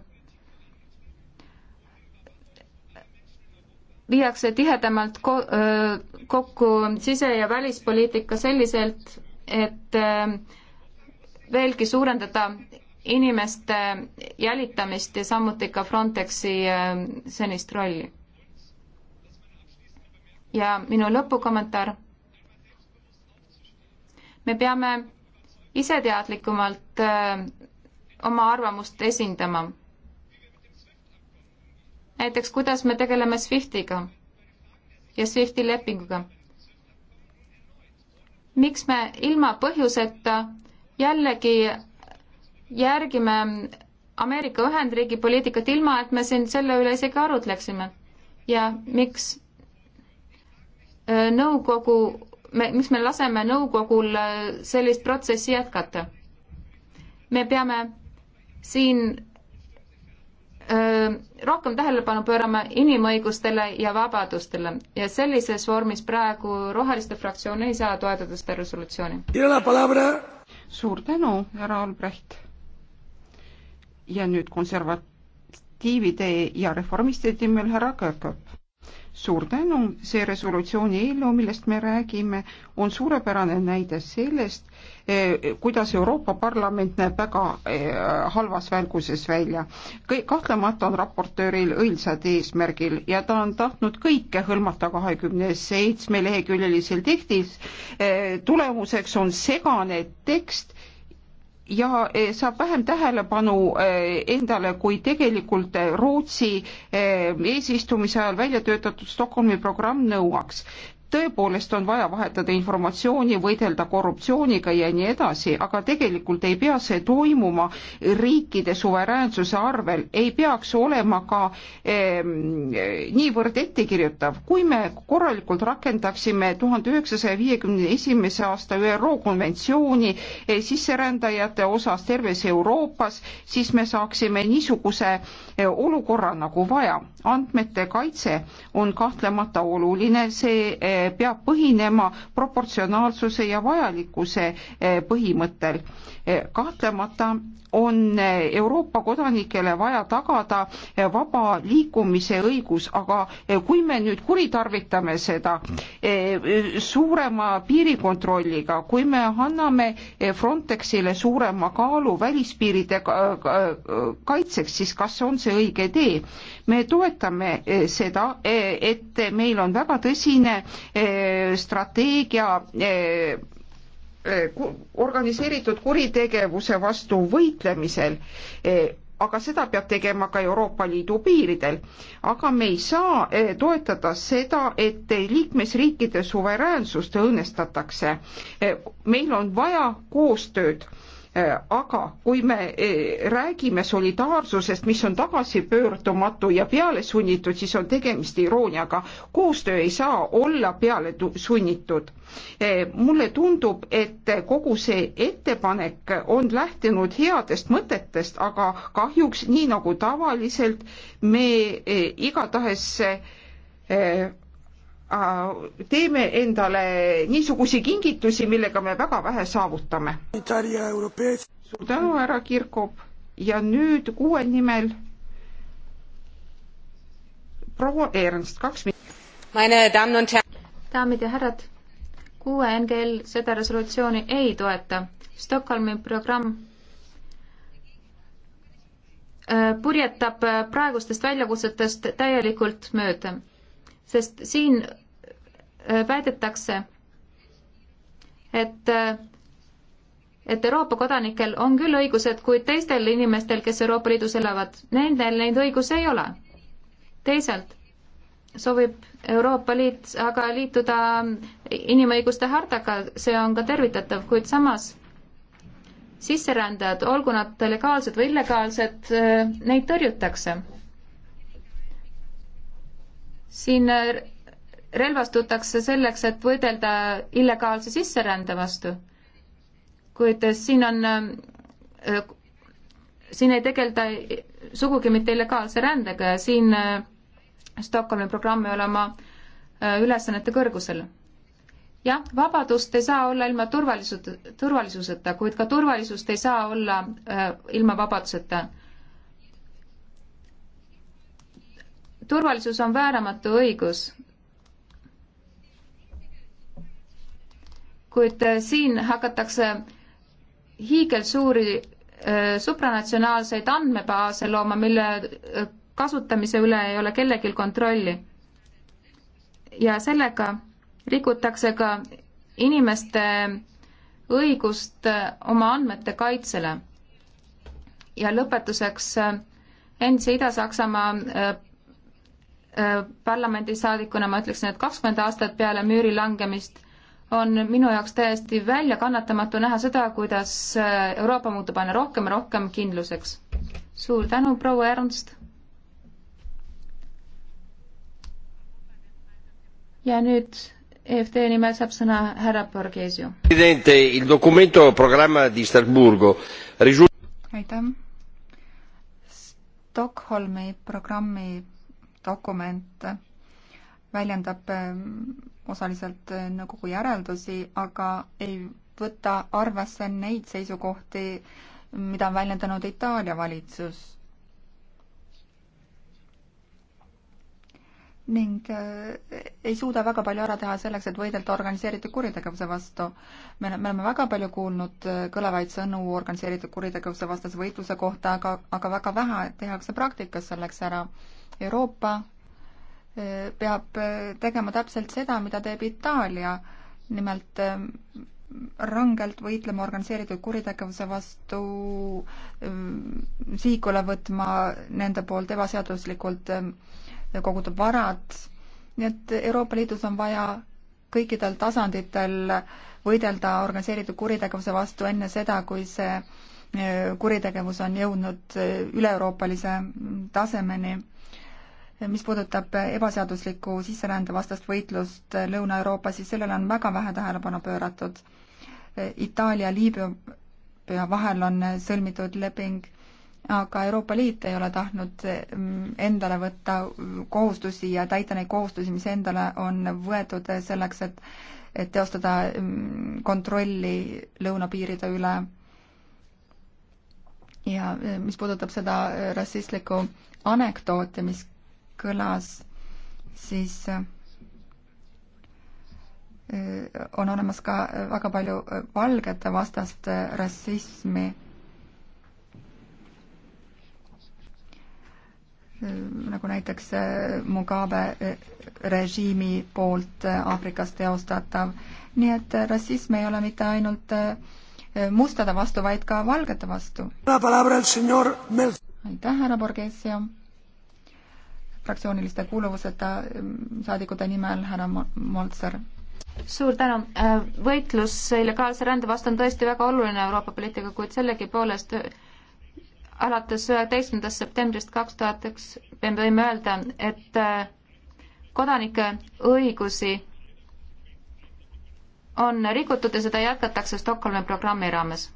viiakse tihedamalt ko kokku sise- ja välispoliitika selliselt, et äh, veelgi suurendada inimeste jälitamist ja samuti ka Frontexi äh, senist rolli. ja minu lõpukommentaar. me peame iseteadlikumalt äh, oma arvamust esindama. näiteks, kuidas me tegeleme SWIFTiga ja SWIFTi lepinguga. miks me ilma põhjuseta jällegi järgime Ameerika Ühendriigi poliitikat, ilma et me siin selle üle isegi arutleksime. ja miks äh, nõukogu, me, miks me laseme nõukogul äh, sellist protsessi jätkata? me peame siin öö, äh, rohkem tähelepanu pöörama inimõigustele ja vabadustele ja sellises vormis praegu Roheliste fraktsioon ei saa toetada seda resolutsiooni suur tänu, härra Albrecht. ja nüüd konservatiivide ja reformistide nimel härra Kõrgõp suur tänu, see resolutsiooni eelnõu, millest me räägime, on suurepärane näide sellest, eh, kuidas Euroopa Parlament näeb väga eh, halvas välguses välja. kahtlemata on raportööril õilsad eesmärgil ja ta on tahtnud kõike hõlmata kahekümne seitsme leheküljelisel tekstis. Eh, tulemuseks on segane tekst ja e, saab vähem tähelepanu e, endale kui tegelikult Rootsi e, eesistumise ajal välja töötatud Stockholmi programm nõuaks tõepoolest on vaja vahetada informatsiooni, võidelda korruptsiooniga ja nii edasi, aga tegelikult ei pea see toimuma riikide suveräänsuse arvel, ei peaks olema ka eh, niivõrd ettekirjutav. kui me korralikult rakendaksime tuhande üheksasaja viiekümne esimese aasta ÜRO konventsiooni eh, sisserändajate osas terves Euroopas, siis me saaksime niisuguse eh, olukorra nagu vaja. andmete kaitse on kahtlemata oluline, see eh, peab põhinema proportsionaalsuse ja vajalikkuse eh, põhimõttel. Eh, kahtlemata on eh, Euroopa kodanikele vaja tagada vaba liikumise õigus, aga kui me nüüd kuritarvitame seda suurema piirikontrolliga, kui me anname Frontexile suurema kaalu välispiiride kaitseks, siis kas see on see õige tee? me toetame eh, seda, eh, et meil on väga tõsine eh, strateegia organiseeritud kuritegevuse vastu võitlemisel, aga seda peab tegema ka Euroopa Liidu piiridel. aga me ei saa toetada seda, et liikmesriikide suveräänsust õõnestatakse. meil on vaja koostööd Äh, aga kui me äh, räägime solidaarsusest, mis on tagasipöördumatu ja pealesunnitud, siis on tegemist irooniaga. koostöö ei saa olla pealesunnitud. Äh, mulle tundub, et kogu see ettepanek on lähtunud headest mõtetest, aga kahjuks nii nagu tavaliselt me igatahes Äh, teeme endale niisugusi kingitusi, millega me väga vähe saavutame. suur tänu, härra Kirkop ja nüüd kuue nimel proua Ernst, kaks minutit. daamid ja härrad, kuue NGL seda resolutsiooni ei toeta. Stockholmi programm äh, purjetab äh, praegustest väljakutsetest täielikult mööda, sest siin Äh, väidetakse, et äh, et Euroopa kodanikel on küll õigused, kuid teistel inimestel, kes Euroopa Liidus elavad, nendel neid õigusi ei ole. teisalt soovib Euroopa Liit aga liituda inimõiguste hartaga, see on ka tervitatav, kuid samas sisserändajad, olgu nad legaalsed või illegaalsed, äh, neid tõrjutakse. siin relvastutakse selleks, et võidelda illegaalse sisserände vastu. kuid siin on, siin ei tegelda sugugi mitte illegaalse rändega ja siin äh, Stockholmi programm ei ole oma äh, ülesannete kõrgusel. jah, vabadust ei saa olla ilma turvalisus, turvalisuseta, kuid ka turvalisust ei saa olla äh, ilma vabaduseta turvalisus on vääramatu õigus kuid äh, siin hakatakse hiigelsuuri äh, supranatsionaalseid andmebaase looma, mille äh, kasutamise üle ei ole kellelgi kontrolli. ja sellega rikutakse ka inimeste õigust oma andmete kaitsele. ja lõpetuseks endise Ida-Saksamaa parlamendisaadikuna ma ütleksin, et kakskümmend aastat peale müüri langemist on minu jaoks täiesti väljakannatamatu näha seda, kuidas äh, Euroopa muutub aina rohkem ja rohkem kindluseks. suur tänu, proua Ernst. ja nüüd EFD nimel saab sõna härra Borghesio. aitäh. Stockholmi programmi dokument väljendab ähm, osaliselt äh, nõukogu järeldusi, aga ei võta arvesse neid seisukohti, mida on väljendanud Itaalia valitsus. ning äh, ei suuda väga palju ära teha selleks, et võidelda organiseeritud kuritegevuse vastu. me oleme väga palju kuulnud äh, kõlavaid sõnu organiseeritud kuritegevuse vastase võitluse kohta, aga, aga väga vähe tehakse praktikas selleks ära. Euroopa peab äh, tegema täpselt seda, mida teeb Itaalia, nimelt äh, rangelt võitlema organiseeritud kuritegevuse vastu, äh, sihikule võtma nende poolt ebaseaduslikult kogutud varad, nii et Euroopa Liidus on vaja kõikidel tasanditel võidelda organiseeritud kuritegevuse vastu enne seda, kui see kuritegevus on jõudnud üle-euroopalise mm, tasemeni mis puudutab ebaseaduslikku sisserände vastast võitlust Lõuna-Euroopas, siis sellele on väga vähe tähelepanu pööratud. Itaalia ja Liibüa vahel on sõlmitud leping, aga Euroopa Liit ei ole tahtnud mm, endale võtta kohustusi ja täita neid kohustusi, mis endale on võetud selleks, et et teostada mm, kontrolli lõunapiiride üle ja mis puudutab seda rassistlikku anekdooti, mis kõlas, siis äh, on olemas ka väga palju äh, valgete vastast äh, rassismi. nagu näiteks Mugabe režiimi poolt Aafrikas teostatav. nii et rassism ei ole mitte ainult mustade vastu, vaid ka valgete vastu. aitäh, härra Borgesio! fraktsiooniliste kuuluvuseta ehm, saadikute nimel härra Moltser. suur tänu. Äh, võitlus illegaalse rände vastu on tõesti väga oluline Euroopa poliitika, kuid sellegipoolest äh, alates üheteistkümnendast septembrist kaks tuhat üks me võime öelda, et äh, kodanike õigusi on rikutud ja seda jätkatakse Stockholmi programmi raames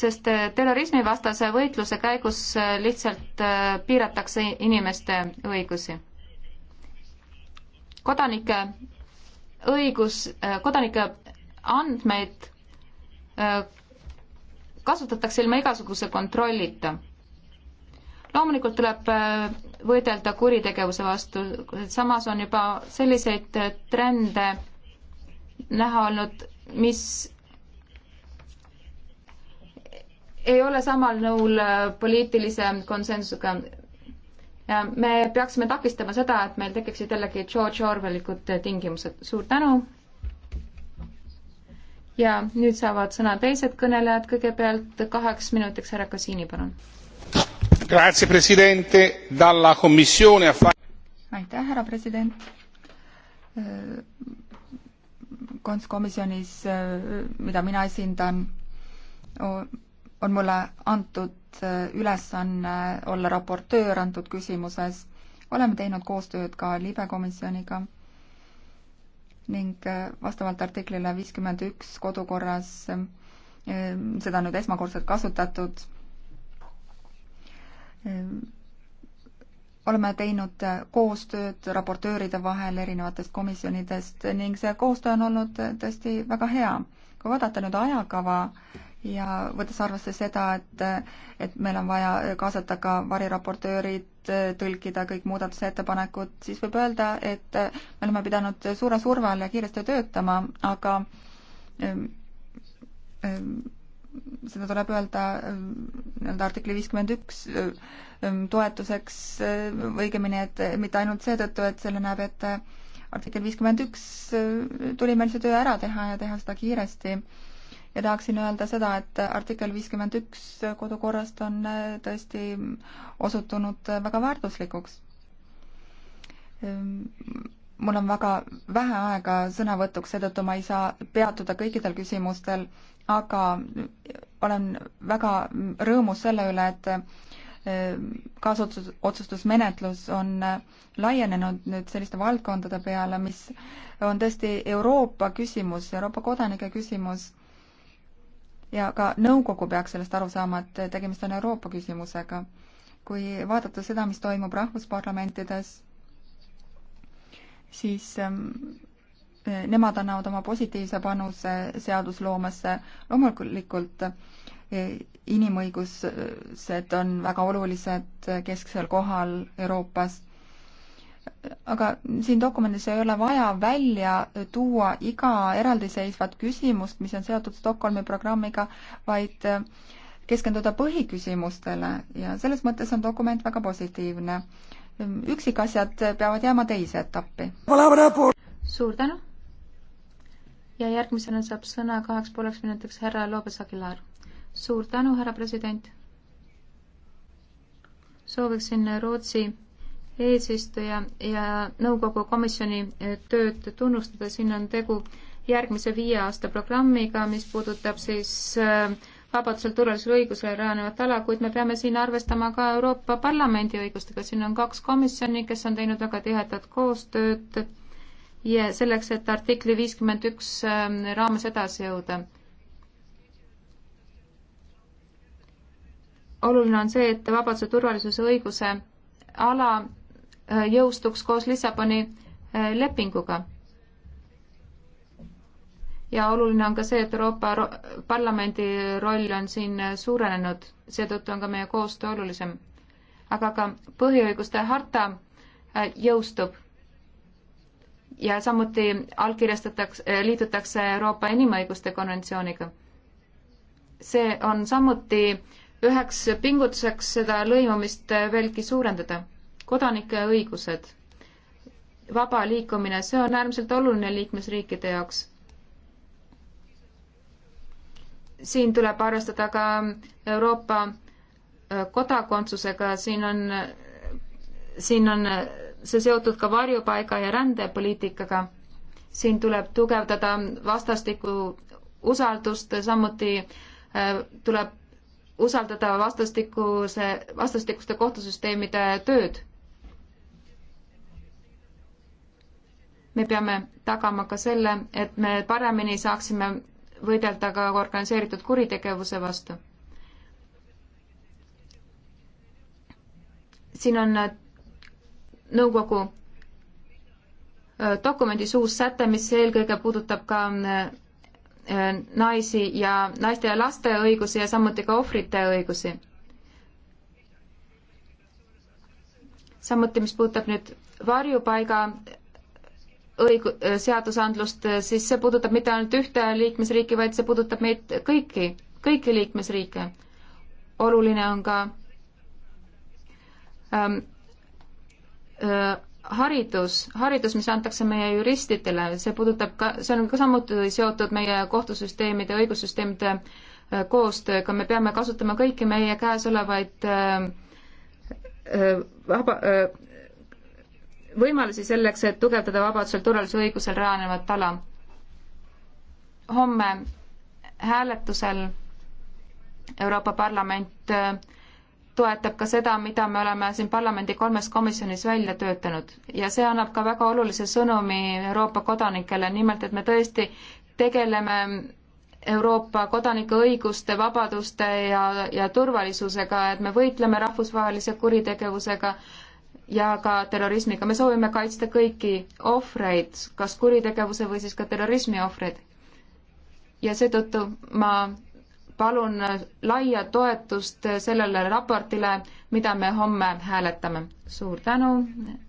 sest äh, terrorismivastase võitluse käigus äh, lihtsalt äh, piiratakse inimeste õigusi. kodanike õigus, kodanike andmeid kasutatakse ilma igasuguse kontrollita. loomulikult tuleb võidelda kuritegevuse vastu, samas on juba selliseid trende näha olnud, mis ei ole samal nõul äh, poliitilise konsensusega. me peaksime takistama seda, et meil tekiksid jällegi George Orwellikud tingimused. suur tänu. ja nüüd saavad sõna teised kõnelejad, kõigepealt kaheks minutiks härra Kasiini, palun. aitäh, härra president äh, komisjonis, äh, mida mina esindan, on mulle antud äh, ülesanne olla raportöör antud küsimuses. oleme teinud koostööd ka libekomisjoniga ning äh, vastavalt artiklile viiskümmend üks kodukorras äh, seda on nüüd esmakordselt kasutatud. oleme teinud koostööd raportööride vahel erinevatest komisjonidest ning see koostöö on olnud tõesti väga hea. kui vaadata nüüd ajakava, ja võttes arvesse seda, et, et meil on vaja kaasata ka variraportöörid, tõlkida kõik muudatusettepanekud, siis võib öelda, et me oleme pidanud suure surve all ja kiiresti töötama, aga ehm, ehm, seda tuleb öelda ehm, nii-öelda artikli viiskümmend üks toetuseks, õigemini, et mitte ainult seetõttu, et selle näeb ette artikkel viiskümmend üks, tuli meil see töö ära teha ja teha seda kiiresti ja tahaksin öelda seda, et artikkel viiskümmend üks kodukorrast on äh, tõesti osutunud äh, väga väärtuslikuks. Ehm, mul on väga vähe aega sõnavõtuks, seetõttu ma ei saa peatuda kõikidel küsimustel, aga olen väga rõõmus selle üle, et äh, kaasotsus, otsustusmenetlus on laienenud nüüd selliste valdkondade peale, mis on tõesti Euroopa küsimus, Euroopa kodanike küsimus ja ka nõukogu peaks sellest aru saama, et tegemist on Euroopa küsimusega. kui vaadata seda, mis toimub rahvusparlamentides, siis ähm, nemad annavad oma positiivse panuse seadusloomesse. loomulikult äh, inimõigused on väga olulised äh, kesksel kohal Euroopas aga siin dokumendis ei ole vaja välja tuua iga eraldiseisvat küsimust, mis on seotud Stockholmi programmiga, vaid äh, keskenduda põhiküsimustele ja selles mõttes on dokument väga positiivne. üksikasjad peavad jääma teise etappi. suur tänu! ja järgmisena saab sõna kaheks pooleks minutiks härra Lopez Aguilar. suur tänu, härra president! sooviksin Rootsi eesistuja ja nõukogu komisjoni tööd tunnustada, siin on tegu järgmise viie aasta programmiga, mis puudutab siis äh, vabadusel turvalisele õigusele rajanevat ala, kuid me peame siin arvestama ka Euroopa Parlamendi õigustega, siin on kaks komisjoni, kes on teinud väga tihedat koostööd ja selleks, et artikli viiskümmend üks äh, raames edasi jõuda oluline on see, et vabaduse, turvalisuse, õiguse ala Äh, jõustuks koos Lissaboni äh, lepinguga. ja oluline on ka see, et Euroopa Parlamendi roll on siin äh, suurenenud, seetõttu on ka meie koostöö olulisem. aga ka põhiõiguste harta jõustub ja samuti allkirjastatakse, liidutakse Euroopa Inimõiguste konventsiooniga. see on samuti üheks pingutuseks seda lõimumist veelgi suurendada kodanike õigused, vaba liikumine, see on äärmiselt oluline liikmesriikide jaoks. siin tuleb arvestada ka Euroopa äh, kodakondsusega, siin on, siin on äh, see seotud ka varjupaiga ja rändepoliitikaga. siin tuleb tugevdada vastastikku usaldust, samuti äh, tuleb usaldada vastastikuse, vastastikuste kohtusüsteemide tööd. me peame tagama ka selle, et me paremini saaksime võidelda ka organiseeritud kuritegevuse vastu. siin on äh, nõukogu äh, dokumendis uus säte, mis eelkõige puudutab ka äh, naisi ja naiste ja laste õigusi ja samuti ka ohvrite õigusi. samuti, mis puudutab nüüd varjupaiga õig-, seadusandlust, äh, siis see puudutab mitte ainult ühte liikmesriiki, vaid see puudutab meid kõiki, kõiki liikmesriike. oluline on ka ähm, äh, haridus, haridus, mis antakse meie juristidele, see puudutab ka, see on ka samuti seotud meie kohtusüsteemide, õigussüsteemide äh, koostööga, me peame kasutama kõiki meie käes olevaid äh, äh, vaba äh,, võimalusi selleks, et tugevdada vabadusel, turvalisel õigusel rajanevat ala. homme hääletusel Euroopa Parlament äh, toetab ka seda, mida me oleme siin parlamendi kolmes komisjonis välja töötanud ja see annab ka väga olulise sõnumi Euroopa kodanikele, nimelt et me tõesti tegeleme Euroopa kodanike õiguste, vabaduste ja, ja turvalisusega, et me võitleme rahvusvahelise kuritegevusega äh,, ja ka terrorismiga. me soovime kaitsta kõiki ohvreid, kas kuritegevuse või siis ka terrorismi ohvreid. ja seetõttu ma palun laia toetust sellele raportile, mida me homme hääletame. suur tänu,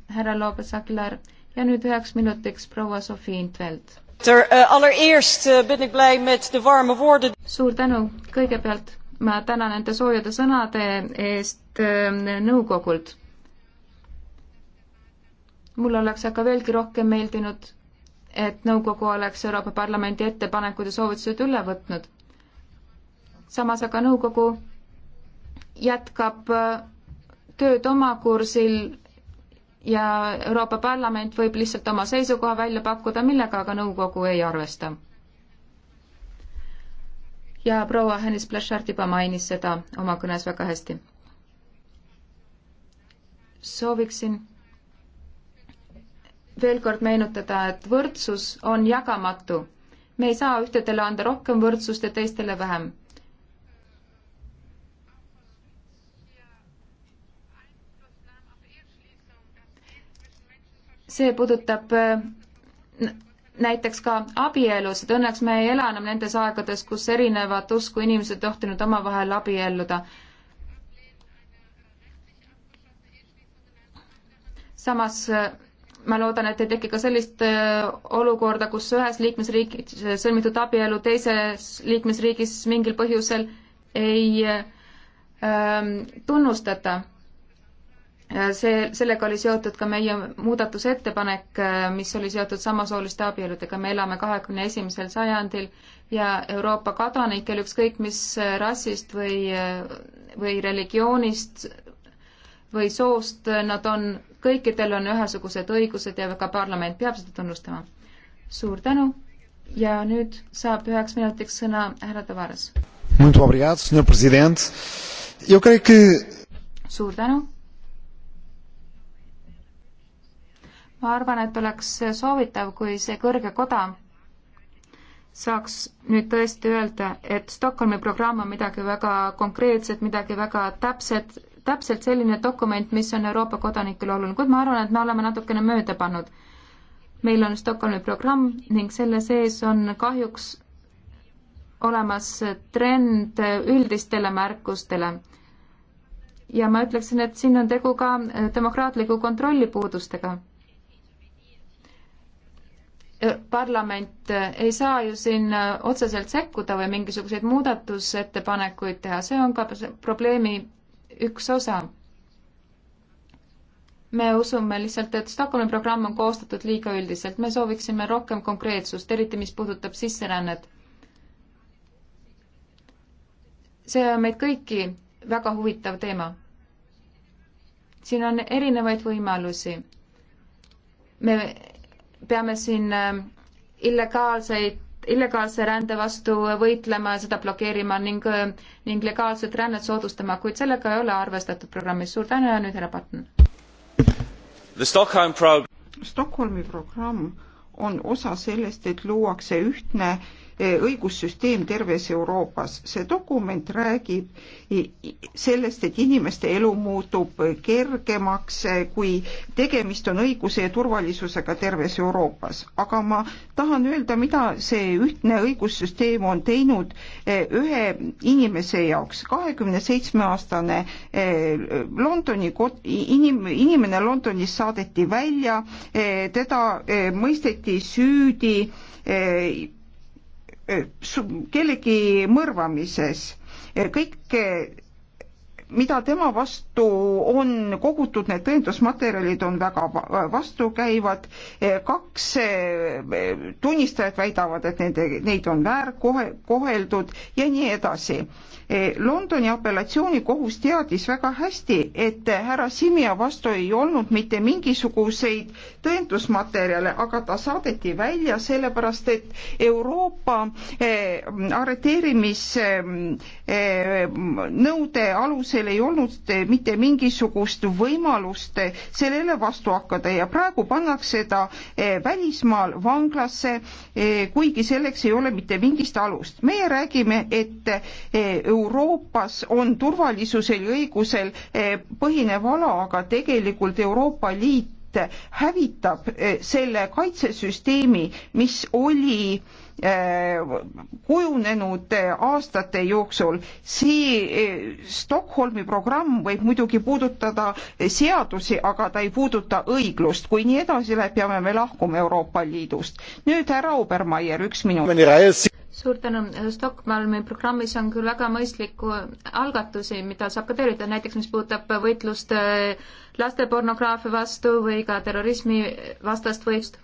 härra Loobes-Akler ja nüüd üheks minutiks proua Sofi Intveld. Eh, eh, suur tänu, kõigepealt ma tänan nende soojade sõnade eest eh, nõukogult mul oleks aga veelgi rohkem meeldinud, et nõukogu oleks Euroopa Parlamendi ettepanekud ja soovitused üle võtnud. samas aga nõukogu jätkab äh, tööd oma kursil ja Euroopa Parlament võib lihtsalt oma seisukoha välja pakkuda, millega aga nõukogu ei arvesta. ja proua Hennis Blechard juba mainis seda oma kõnes väga hästi. sooviksin veel kord meenutada, et võrdsus on jagamatu. me ei saa ühtedele anda rohkem võrdsust ja teistele vähem. see puudutab äh, näiteks ka abielusid, õnneks me ei ela enam nendes aegades, kus erinevad usku inimesed tohtinud omavahel abielluda samas äh, ma loodan, et ei teki ka sellist äh, olukorda, kus ühes liikmesriigis äh, sõlmitud abielu teises liikmesriigis mingil põhjusel ei ähm, tunnustata. see, sellega oli seotud ka meie muudatusettepanek, äh, mis oli seotud samasooliste abieludega, me elame kahekümne esimesel sajandil ja Euroopa kodanikel, ükskõik mis rassist või, või religioonist või soost, nad on, kõikidel on ühesugused õigused ja ka parlament peab seda tunnustama. suur tänu ja nüüd saab üheks minutiks sõna härra Tavares. suur tänu. ma arvan, et oleks soovitav, kui see kõrge koda saaks nüüd tõesti öelda, et Stockholmi programm on midagi väga konkreetset, midagi väga täpset täpselt selline dokument, mis on Euroopa kodanikele oluline, kuid ma arvan, et me oleme natukene mööda pannud. meil on Stockholmi programm ning selle sees on kahjuks olemas trend üldistele märkustele. ja ma ütleksin, et siin on tegu ka demokraatliku kontrolli puudustega. parlament ei saa ju siin otseselt sekkuda või mingisuguseid muudatusettepanekuid teha, see on ka probleemi üks osa. me usume lihtsalt, et Stockholmi programm on koostatud liiga üldiselt, me sooviksime rohkem konkreetsust, eriti mis puudutab sisserännet. see on meid kõiki väga huvitav teema. siin on erinevaid võimalusi. me peame siin äh, illegaalseid illegaalse rände vastu võitlema ja seda blokeerima ning, ning legaalset rännet soodustama, kuid sellega ei ole arvestatud programmis. suur tänu ja nüüd härra Patten. Stockholmi programm on osa sellest, et luuakse ühtne õigussüsteem terves Euroopas. see dokument räägib sellest, et inimeste elu muutub kergemaks, kui tegemist on õiguse ja turvalisusega terves Euroopas. aga ma tahan öelda, mida see ühtne õigussüsteem on teinud e, ühe inimese jaoks. kahekümne seitsme aastane e, Londoni kod-, inim-, inimene Londonis saadeti välja, e, teda mõisteti süüdi Äh, kellegi mõrvamises. Äh, kõik, äh, mida tema vastu on kogutud, need tõendusmaterjalid on väga vastukäivad. kaks tunnistajat väidavad, et nende, neid on väärkohe, koheldud ja nii edasi Eh, Londoni apellatsioonikohus teadis väga hästi, et härra Simia vastu ei olnud mitte mingisuguseid tõendusmaterjale, aga ta saadeti välja sellepärast, et Euroopa eh, arreteerimisnõude eh, alusel ei olnud mitte mingisugust võimalust sellele vastu hakata ja praegu pannakse ta välismaal vanglasse, kuigi selleks ei ole mitte mingist alust. meie räägime, et Euroopas on turvalisusel ja õigusel eh, põhinev ala, aga tegelikult Euroopa Liit hävitab eh, selle kaitsesüsteemi, mis oli eh, kujunenud aastate jooksul. see Stockholmi programm võib muidugi puudutada seadusi, aga ta ei puuduta õiglust. kui nii edasi läheb, peame me lahkuma Euroopa Liidust. nüüd härra Obermeier, üks minut suur tänu, Stockmalmi programmis on küll väga mõistlikku algatusi, mida saab ka tervitada, näiteks mis puudutab võitlust äh, laste pornograafia vastu või ka terrorismi vastast võitlust.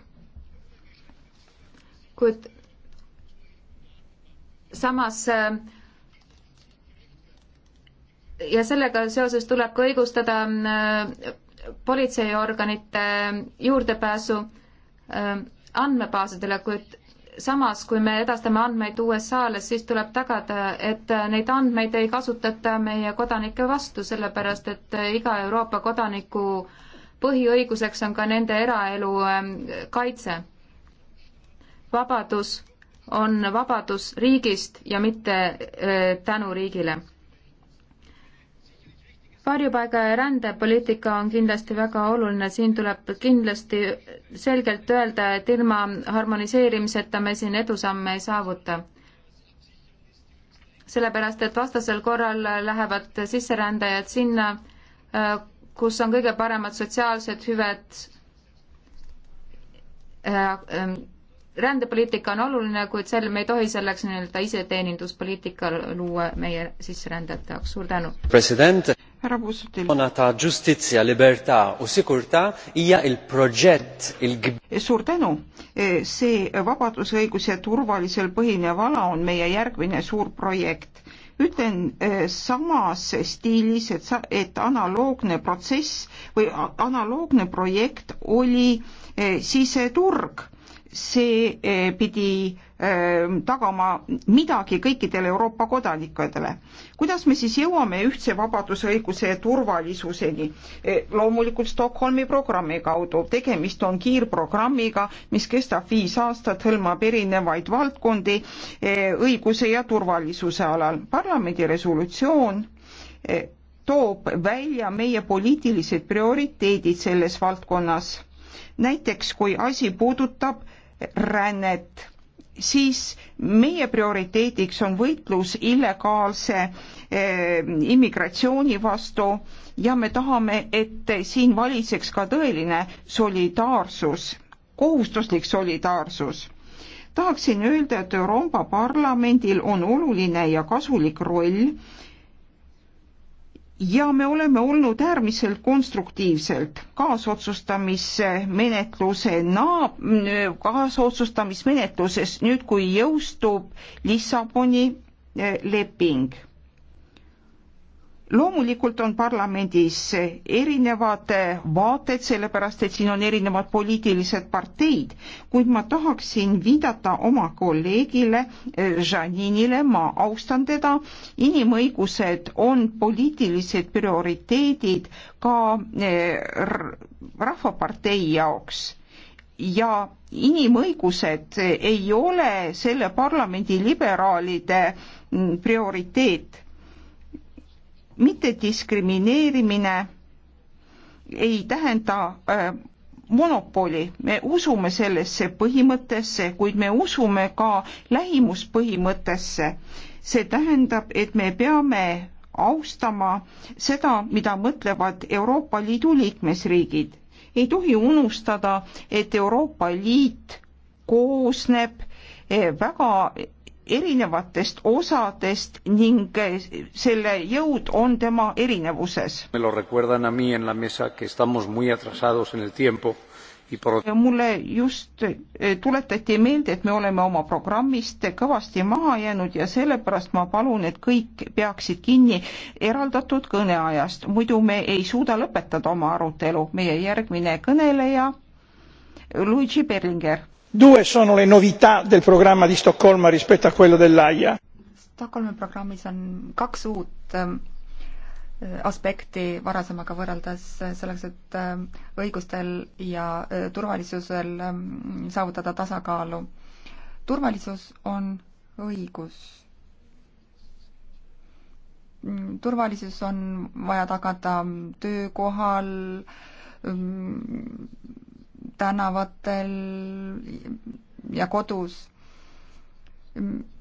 kuid samas äh, ja sellega seoses tuleb ka õigustada äh, politseiorganite juurdepääsu andmebaasidele, kuid samas, kui me edastame andmeid USA-le, siis tuleb tagada, et neid andmeid ei kasutata meie kodanike vastu, sellepärast et iga Euroopa kodaniku põhiõiguseks on ka nende eraelu ähm, kaitse. vabadus on vabadus riigist ja mitte äh, tänu riigile varjupaiga ja rändepoliitika on kindlasti väga oluline, siin tuleb kindlasti selgelt öelda, et ilma harmoniseerimiseta me siin edusamme ei saavuta. sellepärast, et vastasel korral lähevad sisserändajad sinna, kus on kõige paremad sotsiaalsed hüved ähm, rändepoliitika on oluline, kuid sel, me ei tohi selleks nii-öelda iseteeninduspoliitika luua meie sisserändajate jaoks, suur tänu. president, eh, suur tänu, eh, see vabadusõiguse turvalisel põhinev ala on meie järgmine suur projekt ütlen eh, samas stiilis, et sa, et analoogne protsess või analoogne projekt oli siseturg see eh, pidi eh, tagama midagi kõikidele Euroopa kodanikele. kuidas me siis jõuame ühtse vabaduse, õiguse ja turvalisuseni? Eh, loomulikult Stockholmi programmi kaudu, tegemist on kiirprogrammiga, mis kestab viis aastat, hõlmab erinevaid valdkondi õiguse ja turvalisuse alal. parlamendi resolutsioon toob välja meie poliitilised prioriteedid selles valdkonnas näiteks kui asi puudutab rännet, siis meie prioriteediks on võitlus illegaalse eh, immigratsiooni vastu ja me tahame, et siin valitseks ka tõeline solidaarsus, kohustuslik solidaarsus tahaksin öelda, et Euroopa Parlamendil on oluline ja kasulik roll ja me oleme olnud äärmiselt konstruktiivselt kaasotsustamismenetlusena, kaasotsustamismenetluses nüüd, kui jõustub Lissaboni eh, leping loomulikult on parlamendis erinevad vaated, sellepärast et siin on erinevad poliitilised parteid, kuid ma tahaksin viidata oma kolleegile eh, Janinile, ma austan teda, inimõigused on poliitilised prioriteedid ka eh, Rahvapartei jaoks ja inimõigused ei ole selle parlamendi liberaalide mm, prioriteet mittediskrimineerimine ei tähenda äh, monopoli, me usume sellesse põhimõttesse, kuid me usume ka lähimuspõhimõttesse. see tähendab, et me peame austama seda, mida mõtlevad Euroopa Liidu liikmesriigid. ei tohi unustada, et Euroopa Liit koosneb äh, väga erinevatest osadest ning selle jõud on tema erinevuses. Por... mulle just eh, tuletati meelde, et me oleme oma programmist kõvasti maha jäänud ja sellepärast ma palun, et kõik peaksid kinni eraldatud kõneajast, muidu me ei suuda lõpetada oma arutelu. meie järgmine kõneleja, Luigi Berlinger due sono le novità del programma di Stoccolma rispetto a quello dell'AIA. Stockholmi programmis on kaks uut ähm, äh, aspekti varasemaga võrreldes äh, selleks, et äh, õigustel ja turvalisusel ähm, saavutada tasakaalu. turvalisus on õigus. Mm, turvalisus on vaja tagada mm, töökohal, mm, tänavatel ja kodus.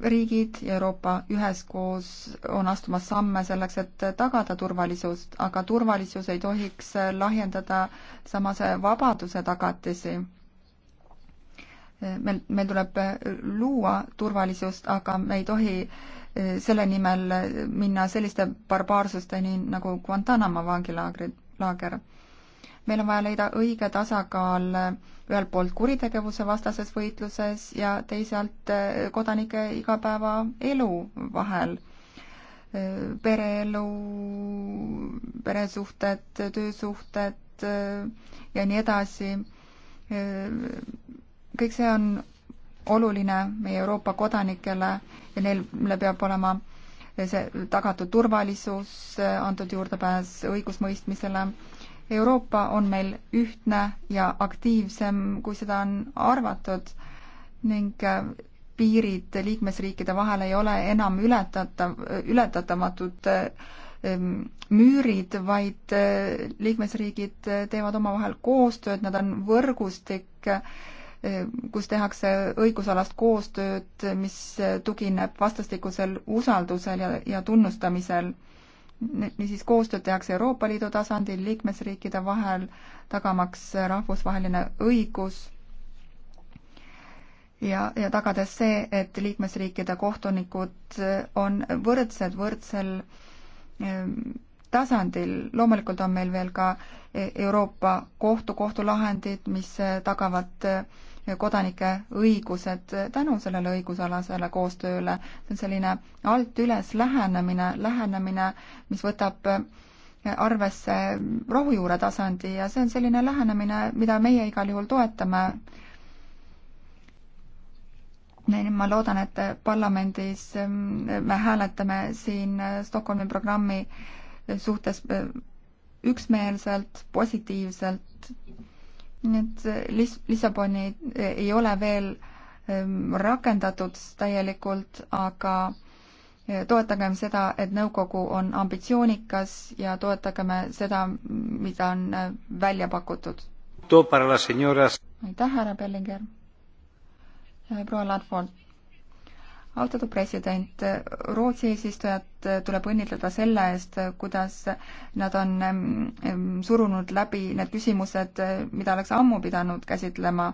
riigid ja Euroopa üheskoos on astumas samme selleks, et tagada turvalisust, aga turvalisus ei tohiks lahjendada samas vabaduse tagatisi. meil, meil tuleb luua turvalisust, aga me ei tohi selle nimel minna selliste barbaarsusteni nagu Guantanamo vangilaagrid, laager meil on vaja leida õige tasakaal äh, ühelt poolt kuritegevuse vastases võitluses ja teisalt äh, kodanike igapäevaelu vahel. Äh, pereelu, peresuhted, töösuhted ja nii edasi. kõik see on oluline meie Euroopa kodanikele ja neile peab olema see tagatud turvalisus, antud juurdepääs õigusmõistmisele Euroopa on meil ühtne ja aktiivsem, kui seda on arvatud ning äh, piirid liikmesriikide vahel ei ole enam ületatav, ületatamatud äh, ähm, müürid, vaid äh, liikmesriigid teevad omavahel koostööd, nad on võrgustik, kus tehakse õigusalast koostööd, mis tugineb vastastikusel usaldusel ja, ja tunnustamisel niisiis koostööd tehakse Euroopa Liidu tasandil liikmesriikide vahel, tagamaks rahvusvaheline õigus ja, ja tagades see, et liikmesriikide kohtunikud on võrdsed võrdsel ehm, tasandil. loomulikult on meil veel ka e, Euroopa Kohtu kohtulahendid, mis e, tagavad e, kodanike õigused tänu sellele õigusalasele koostööle. see on selline alt üles lähenemine, lähenemine, mis võtab arvesse rohujuure tasandi ja see on selline lähenemine, mida meie igal juhul toetame. ma loodan, et parlamendis me hääletame siin Stockholmi programmi suhtes äh, üksmeelselt, positiivselt. nii et äh, Lis-, Lissaboni äh, ei ole veel ähm, rakendatud täielikult, aga toetagem seda, et nõukogu on ambitsioonikas ja toetagem seda, mida on välja pakutud. aitäh, härra Bellinger. proua Ladford austatud president, Rootsi eesistujat tuleb õnnitleda selle eest, kuidas nad on surunud läbi need küsimused, mida oleks ammu pidanud käsitlema.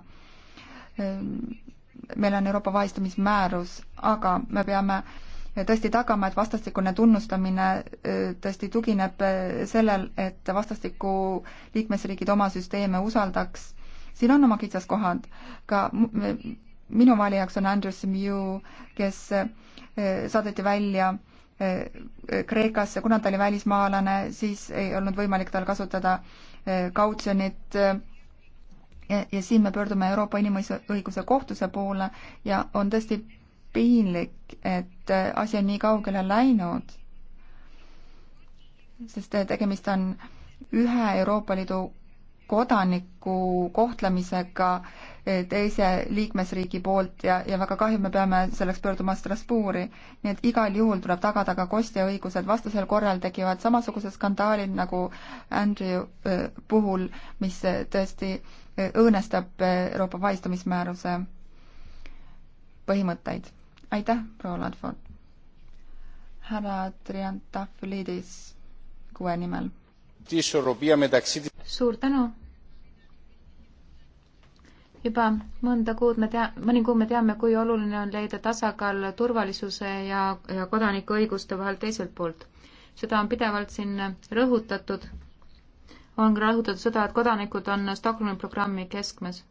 meil on Euroopa vahistamismäärus, aga me peame tõesti tagama, et vastastikune tunnustamine e, tõesti tugineb sellel, et vastastikku liikmesriigid oma süsteeme usaldaks. siin on oma kitsaskohad, ka minu valijaks on Andres Miu, kes eh, saadeti välja eh, Kreekasse, kuna ta oli välismaalane, siis ei olnud võimalik tal kasutada eh, kautsjonit ja, ja siin me pöördume Euroopa Inimõiguse Kohtuse poole ja on tõesti piinlik, et asi on nii kaugele läinud, sest tegemist on ühe Euroopa Liidu kodaniku kohtlemisega äh, teise liikmesriigi poolt ja, ja väga kahju, me peame selleks pöörduma Strasbourgi. nii et igal juhul tuleb tagada ka kostja õigused, vastasel korral tekivad samasugused skandaalid nagu Andrew äh, puhul, mis äh, tõesti äh, õõnestab Euroopa vahistamismääruse põhimõtteid. aitäh, proua Ladford. härra Triantafylidis kuue nimel. suur tänu juba mõnda kuud me tea-, mõni kuu me teame, kui oluline on leida tasakaal turvalisuse ja, ja kodanikuõiguste vahel teiselt poolt. seda on pidevalt siin rõhutatud, on rõhutatud seda, et kodanikud on Stockholmi programmi keskmes.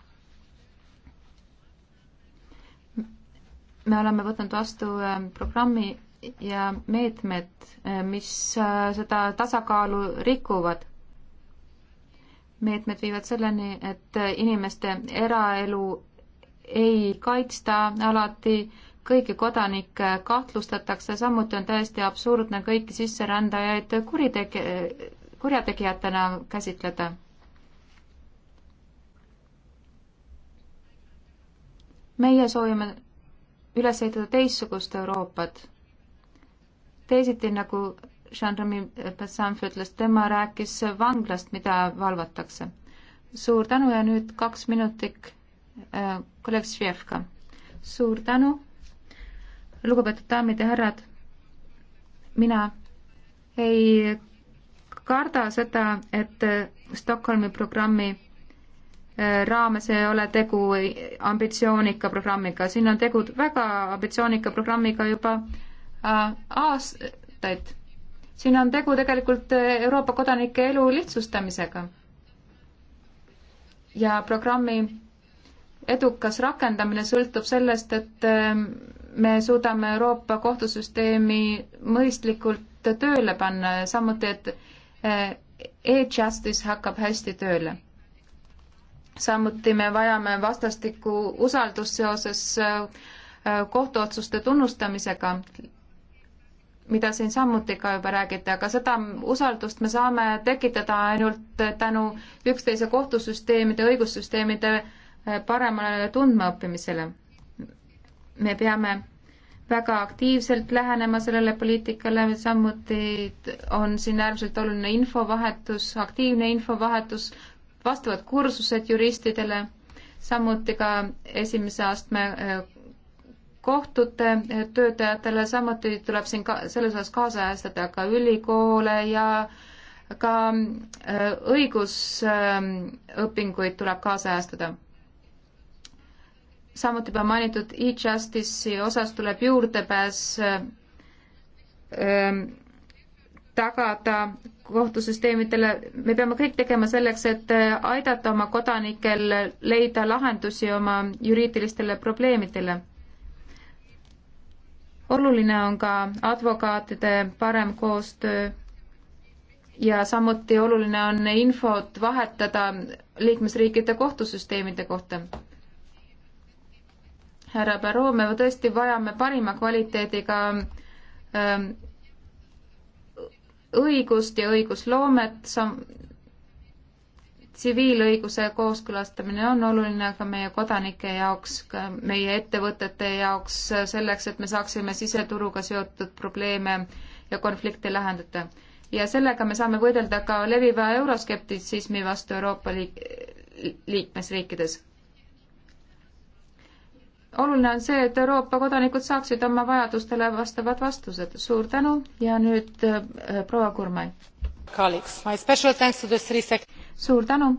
me oleme võtnud vastu äh, programmi ja meetmed, äh, mis äh, seda tasakaalu rikuvad meetmed viivad selleni, et inimeste eraelu ei kaitsta alati, kõiki kodanikke kahtlustatakse, samuti on täiesti absurdne kõiki sisserändajaid kuritege-, kurjategijatena käsitleda. meie soovime üles ehitada teistsugust Euroopat, teisiti nagu Jean-Remy Passant ütles, tema rääkis vanglast, mida valvatakse. suur tänu ja nüüd kaks minutit äh, kolleeg Svjevka. suur tänu, lugupeetud daamid ja härrad. mina ei karda seda, et äh, Stockholmi programmi äh, raames ei ole tegu ambitsioonika programmiga, siin on tegu väga ambitsioonika programmiga juba aastaid siin on tegu tegelikult äh, Euroopa kodanike elu lihtsustamisega. ja programmi edukas rakendamine sõltub sellest, et äh, me suudame Euroopa kohtusüsteemi mõistlikult tööle panna, samuti et äh, e-justice hakkab hästi tööle. samuti me vajame vastastikku usaldust seoses kohtuotsuste tunnustamisega mida siin samuti ka juba räägiti, aga seda usaldust me saame tekitada ainult tänu üksteise kohtusüsteemide, õigussüsteemide eh, paremale tundmaõppimisele. me peame väga aktiivselt lähenema sellele poliitikale, samuti on siin äärmiselt oluline infovahetus, aktiivne infovahetus, vastavad kursused juristidele, samuti ka esimese astme eh, kohtute töötajatele, samuti tuleb siin ka selles osas kaasajastada ka ülikoole ja ka äh, õigusõpinguid tuleb kaasajastada. samuti juba mainitud e-justice'i osas tuleb juurdepääs äh, tagada kohtusüsteemidele, me peame kõik tegema selleks, et äh, aidata oma kodanikel leida lahendusi oma juriidilistele probleemidele oluline on ka advokaatide parem koostöö ja samuti oluline on infot vahetada liikmesriikide kohtusüsteemide kohta. härra Barrot, me tõesti vajame parima kvaliteediga ähm, õigust ja õigusloomet, tsiviilõiguse kooskõlastamine on oluline ka meie kodanike jaoks, ka meie ettevõtete jaoks, selleks, et me saaksime siseturuga seotud probleeme ja konflikte lahendada. ja sellega me saame võidelda ka leviva euroskeptitsismi vastu Euroopa liik-, liikmesriikides. oluline on see, et Euroopa kodanikud saaksid oma vajadustele vastavad vastused. suur tänu ja nüüd äh, proua Kurmai. Colleagues, my special thanks to the three sec- suur tänu!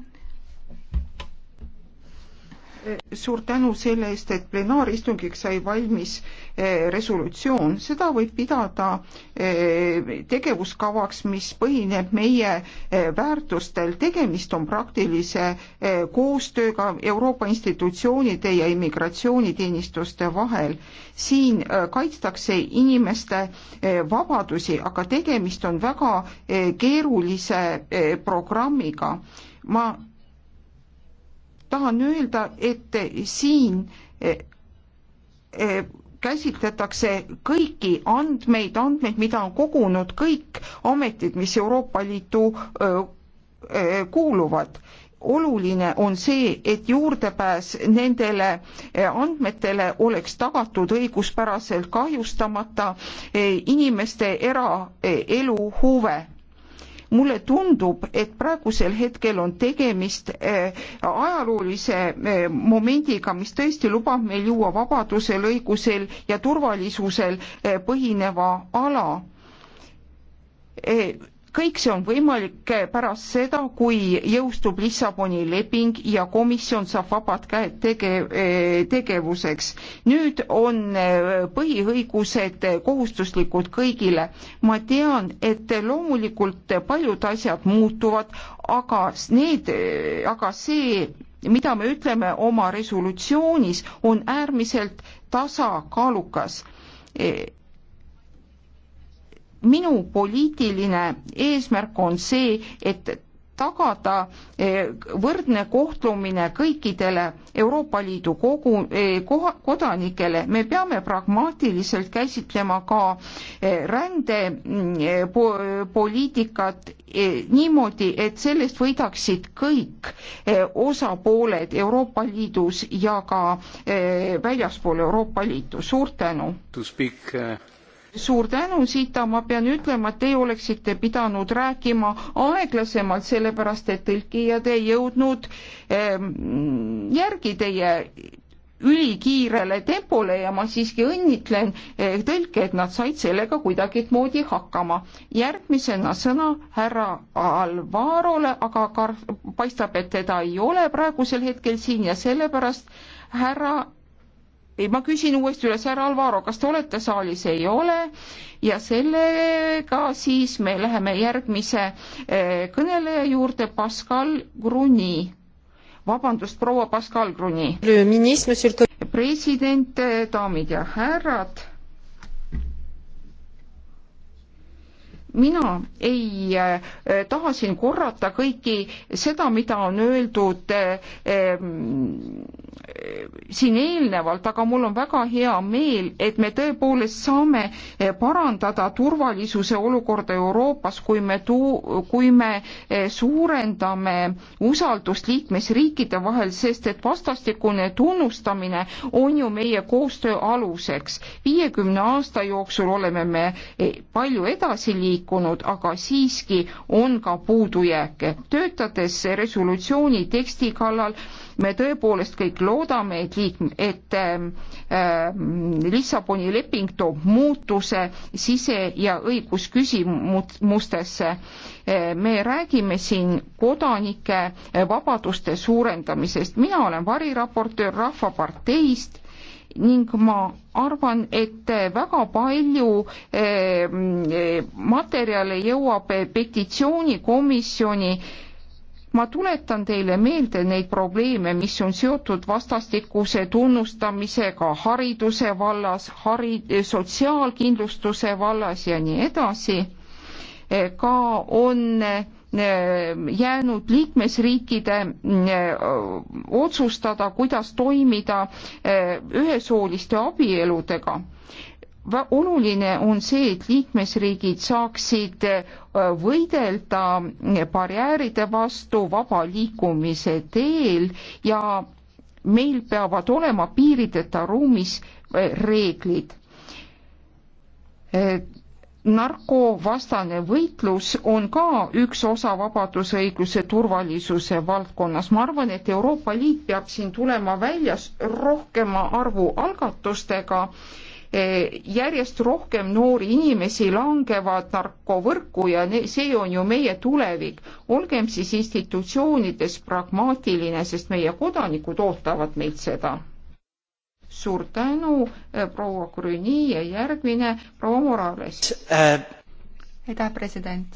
suur tänu selle eest, et plenaaristungiks sai valmis eh, resolutsioon, seda võib pidada eh, tegevuskavaks, mis põhineb meie eh, väärtustel, tegemist on praktilise koostööga Euroopa institutsioonide ja immigratsiooniteenistuste vahel. siin kaitstakse inimeste vabadusi, aga tegemist on väga keerulise programmiga. ma tahan öelda, et siin e, e, käsitletakse kõiki andmeid, andmeid, mida on kogunud kõik ametid, mis Euroopa Liitu e, kuuluvad oluline on see, et juurdepääs nendele andmetele oleks tagatud õiguspäraselt kahjustamata inimeste eraelu huve mulle tundub, et praegusel hetkel on tegemist äh, ajaloolise äh, momendiga, mis tõesti lubab meil juua vabadusel, õigusel ja turvalisusel äh, põhineva ala kõik see on võimalik pärast seda, kui jõustub Lissaboni leping ja komisjon saab vabad käed tege-, eh, tegevuseks. nüüd on eh, põhiõigused kohustuslikud kõigile. ma tean, et loomulikult paljud asjad muutuvad, aga need, eh, aga see, mida me ütleme oma resolutsioonis, on äärmiselt tasakaalukas minu poliitiline eesmärk on see, et tagada eh, võrdne kohtlumine kõikidele Euroopa Liidu kogu, eh, koha, kodanikele, me peame pragmaatiliselt käsitlema ka eh, rändepoliitikat mm, niimoodi, et sellest võidaksid kõik osapooled Euroopa Liidus ja ka väljaspool Euroopa Liitu. suur tänu! To speak uh suur tänu, Sita, ma pean ütlema, et teie oleksite pidanud rääkima aeglasemalt, sellepärast et tõlkijad ei jõudnud ehm, järgi teie ülikiirele tempole ja ma siiski õnnitlen eh, tõlke, et nad said sellega kuidagimoodi hakkama. järgmisena sõna härra Alvarole, aga kar-, paistab, et teda ei ole praegusel hetkel siin ja sellepärast härra ei, ma küsin uuesti üles, härra Alvaro, kas te olete saalis? ei ole ja sellega siis me läheme järgmise eh, kõneleja juurde, Pascal Gruni. vabandust, proua Pascal Gruni. president, eh, daamid ja härrad. mina ei äh, taha siin korrata kõiki seda, mida on öeldud äh, äh, siin eelnevalt, aga mul on väga hea meel, et me tõepoolest saame eh, parandada turvalisuse olukorda Euroopas, kui me tuu-, kui me eh, suurendame usaldust liikmesriikide vahel, sest et vastastikune tunnustamine on ju meie koostöö aluseks. viiekümne aasta jooksul oleme me eh, palju edasi liikunud, aga siiski on ka puudujääke. töötades resolutsiooni teksti kallal, me tõepoolest kõik loodame, et liik-, et äh, Lissaboni leping toob muutuse sise- ja õigusküsimustesse. Äh, me räägime siin kodanike äh, vabaduste suurendamisest, mina olen variraportöör Rahvaparteist ning ma arvan, et äh, väga palju materjale jõuab petitsioonikomisjoni ma tuletan teile meelde neid probleeme, mis on seotud vastastikuse tunnustamisega hariduse vallas, hari-, sotsiaalkindlustuse vallas ja nii edasi. ka on eh, jäänud liikmesriikide eh, otsustada, kuidas toimida eh, ühesooliste abieludega oluline on see, et liikmesriigid saaksid äh, võidelda äh, barjääride vastu vaba liikumise teel ja meil peavad olema piirideta ruumis äh, reeglid. narkovastane võitlus on ka üks osa vabadusõiguse turvalisuse valdkonnas. ma arvan, et Euroopa Liit peab siin tulema välja rohkema arvu algatustega järjest rohkem noori inimesi langevad narkovõrku ja see on ju meie tulevik. olgem siis institutsioonides pragmaatiline, sest meie kodanikud ootavad meilt seda. suur tänu, äh, proua Grüni ja järgmine proua Morales äh.. aitäh, president.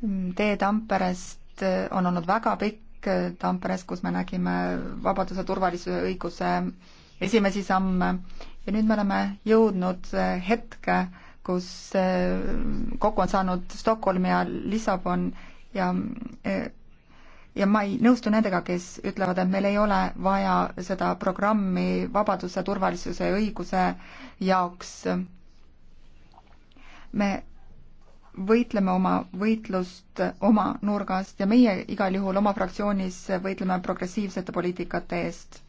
Mm, tee Tamperest äh, on olnud väga pikk, äh, Tamperes, kus me nägime vabaduse, turvalisuse, õiguse esimesi samme ja nüüd me oleme jõudnud äh, hetke, kus äh, kokku on saanud Stockholm ja Lissabon ja äh, ja ma ei nõustu nendega, kes ütlevad, et meil ei ole vaja seda programmi vabaduse, turvalisuse ja õiguse jaoks. me võitleme oma võitlust oma nurgast ja meie igal juhul oma fraktsioonis võitleme progressiivsete poliitikate eest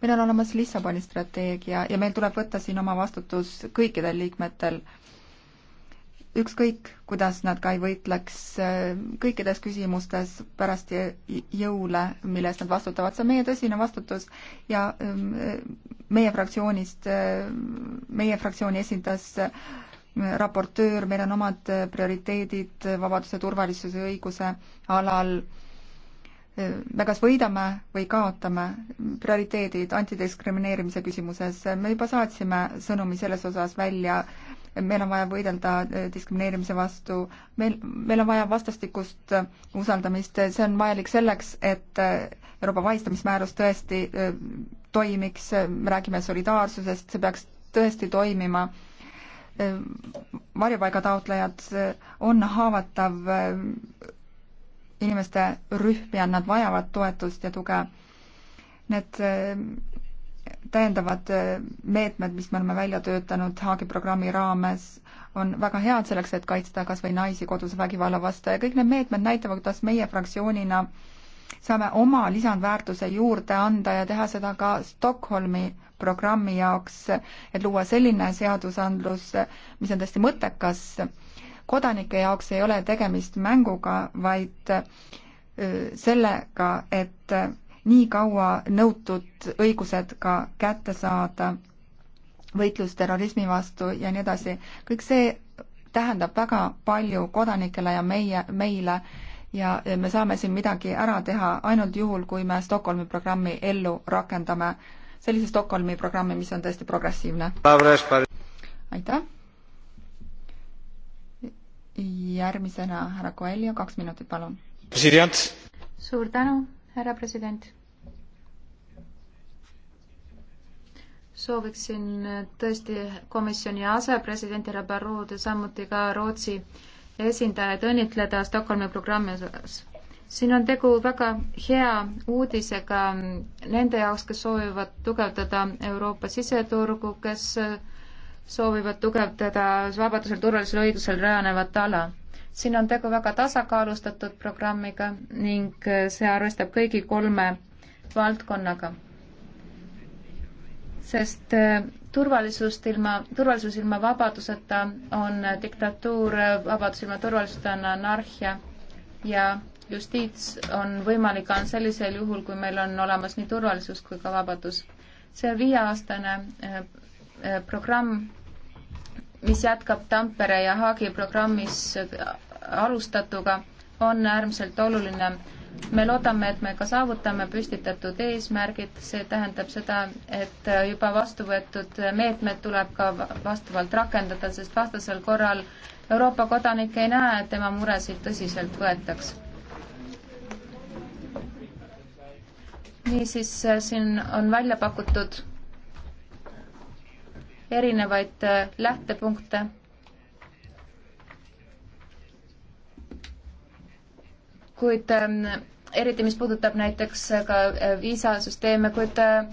meil on olemas Lissaboni strateegia ja meil tuleb võtta siin oma vastutus kõikidel liikmetel, ükskõik, kuidas nad ka ei võitleks äh, kõikides küsimustes pärast jõule, mille eest nad vastutavad, see on meie tõsine vastutus ja ähm, äh, meie fraktsioonist, äh, meie fraktsiooni esindas raportöör, meil on omad prioriteedid vabaduse, turvalisuse, õiguse alal me kas võidame või kaotame prioriteedid antidiskrimineerimise küsimuses. me juba saatsime sõnumi selles osas välja, meil on vaja võidelda äh, diskrimineerimise vastu, meil, meil on vaja vastastikust äh, usaldamist, see on vajalik selleks, et äh, Euroopa vahistamismäärus tõesti toimiks, me räägime solidaarsusest, see peaks tõesti toimima varjupaiga taotlejad on haavatav inimeste rühm ja nad vajavad toetust ja tuge. Need äh, täiendavad äh, meetmed, mis me oleme välja töötanud Haagi programmi raames, on väga head selleks, et kaitsta kas või naisi koduse vägivalla vastu ja kõik need meetmed näitavad, kuidas meie fraktsioonina saame oma lisandväärtuse juurde anda ja teha seda ka Stockholmi programmi jaoks, et luua selline seadusandlus, mis on tõesti mõttekas kodanike jaoks ei ole tegemist mänguga, vaid äh, sellega, et äh, nii kaua nõutud õigused ka kätte saada, võitlus terrorismi vastu ja nii edasi, kõik see tähendab väga palju kodanikele ja meie, meile ja me saame siin midagi ära teha ainult juhul, kui me Stockholmi programmi ellu rakendame, sellise Stockholmi programmi, mis on tõesti progressiivne. aitäh! järgmisena härra Coelho, kaks minutit, palun. president. suur tänu, härra president. sooviksin tõesti komisjoni asepresident härra Barrod ja samuti ka Rootsi esindajaid õnnitleda Stockholmi programmi osas. siin on tegu väga hea uudisega nende jaoks, kes soovivad tugevdada Euroopa siseturgu, kes äh, soovivad tugevdada vabadusel, turvalisel õigusel rajanevat ala. siin on tegu väga tasakaalustatud programmiga ning see arvestab kõigi kolme valdkonnaga. sest eh, turvalisust ilma, turvalisus ilma vabaduseta on diktatuur, vabadus ilma turvalisuseta on anarhia ja justiits on võimalik ainult sellisel juhul, kui meil on olemas nii turvalisus kui ka vabadus. see viieaastane eh, Äh, programm, mis jätkab Tampere ja Haagi programmis äh, alustatuga, on äärmiselt oluline. me loodame, et me ka saavutame püstitatud eesmärgid, see tähendab seda, et äh, juba vastu võetud meetmed tuleb ka vastavalt rakendada, sest vastasel korral Euroopa kodanik ei näe, et tema muresid tõsiselt võetaks niisiis siin on välja pakutud erinevaid äh, lähtepunkte. kuid ähm, eriti, mis puudutab näiteks ka äh, viisasüsteeme, kuid äh,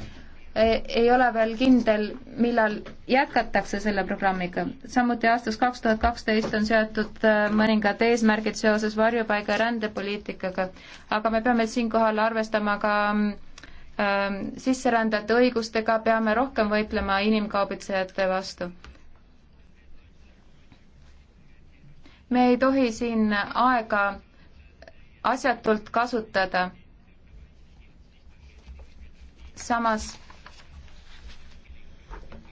ei ole veel kindel, millal jätkatakse selle programmiga. samuti aastast kaks tuhat kaksteist on seatud mõningad eesmärgid seoses varjupaiga ja rändepoliitikaga, aga me peame siinkohal arvestama ka mm, Ähm, sisserändajate õigustega, peame rohkem võitlema inimkaubitsejate vastu. me ei tohi siin aega asjatult kasutada. samas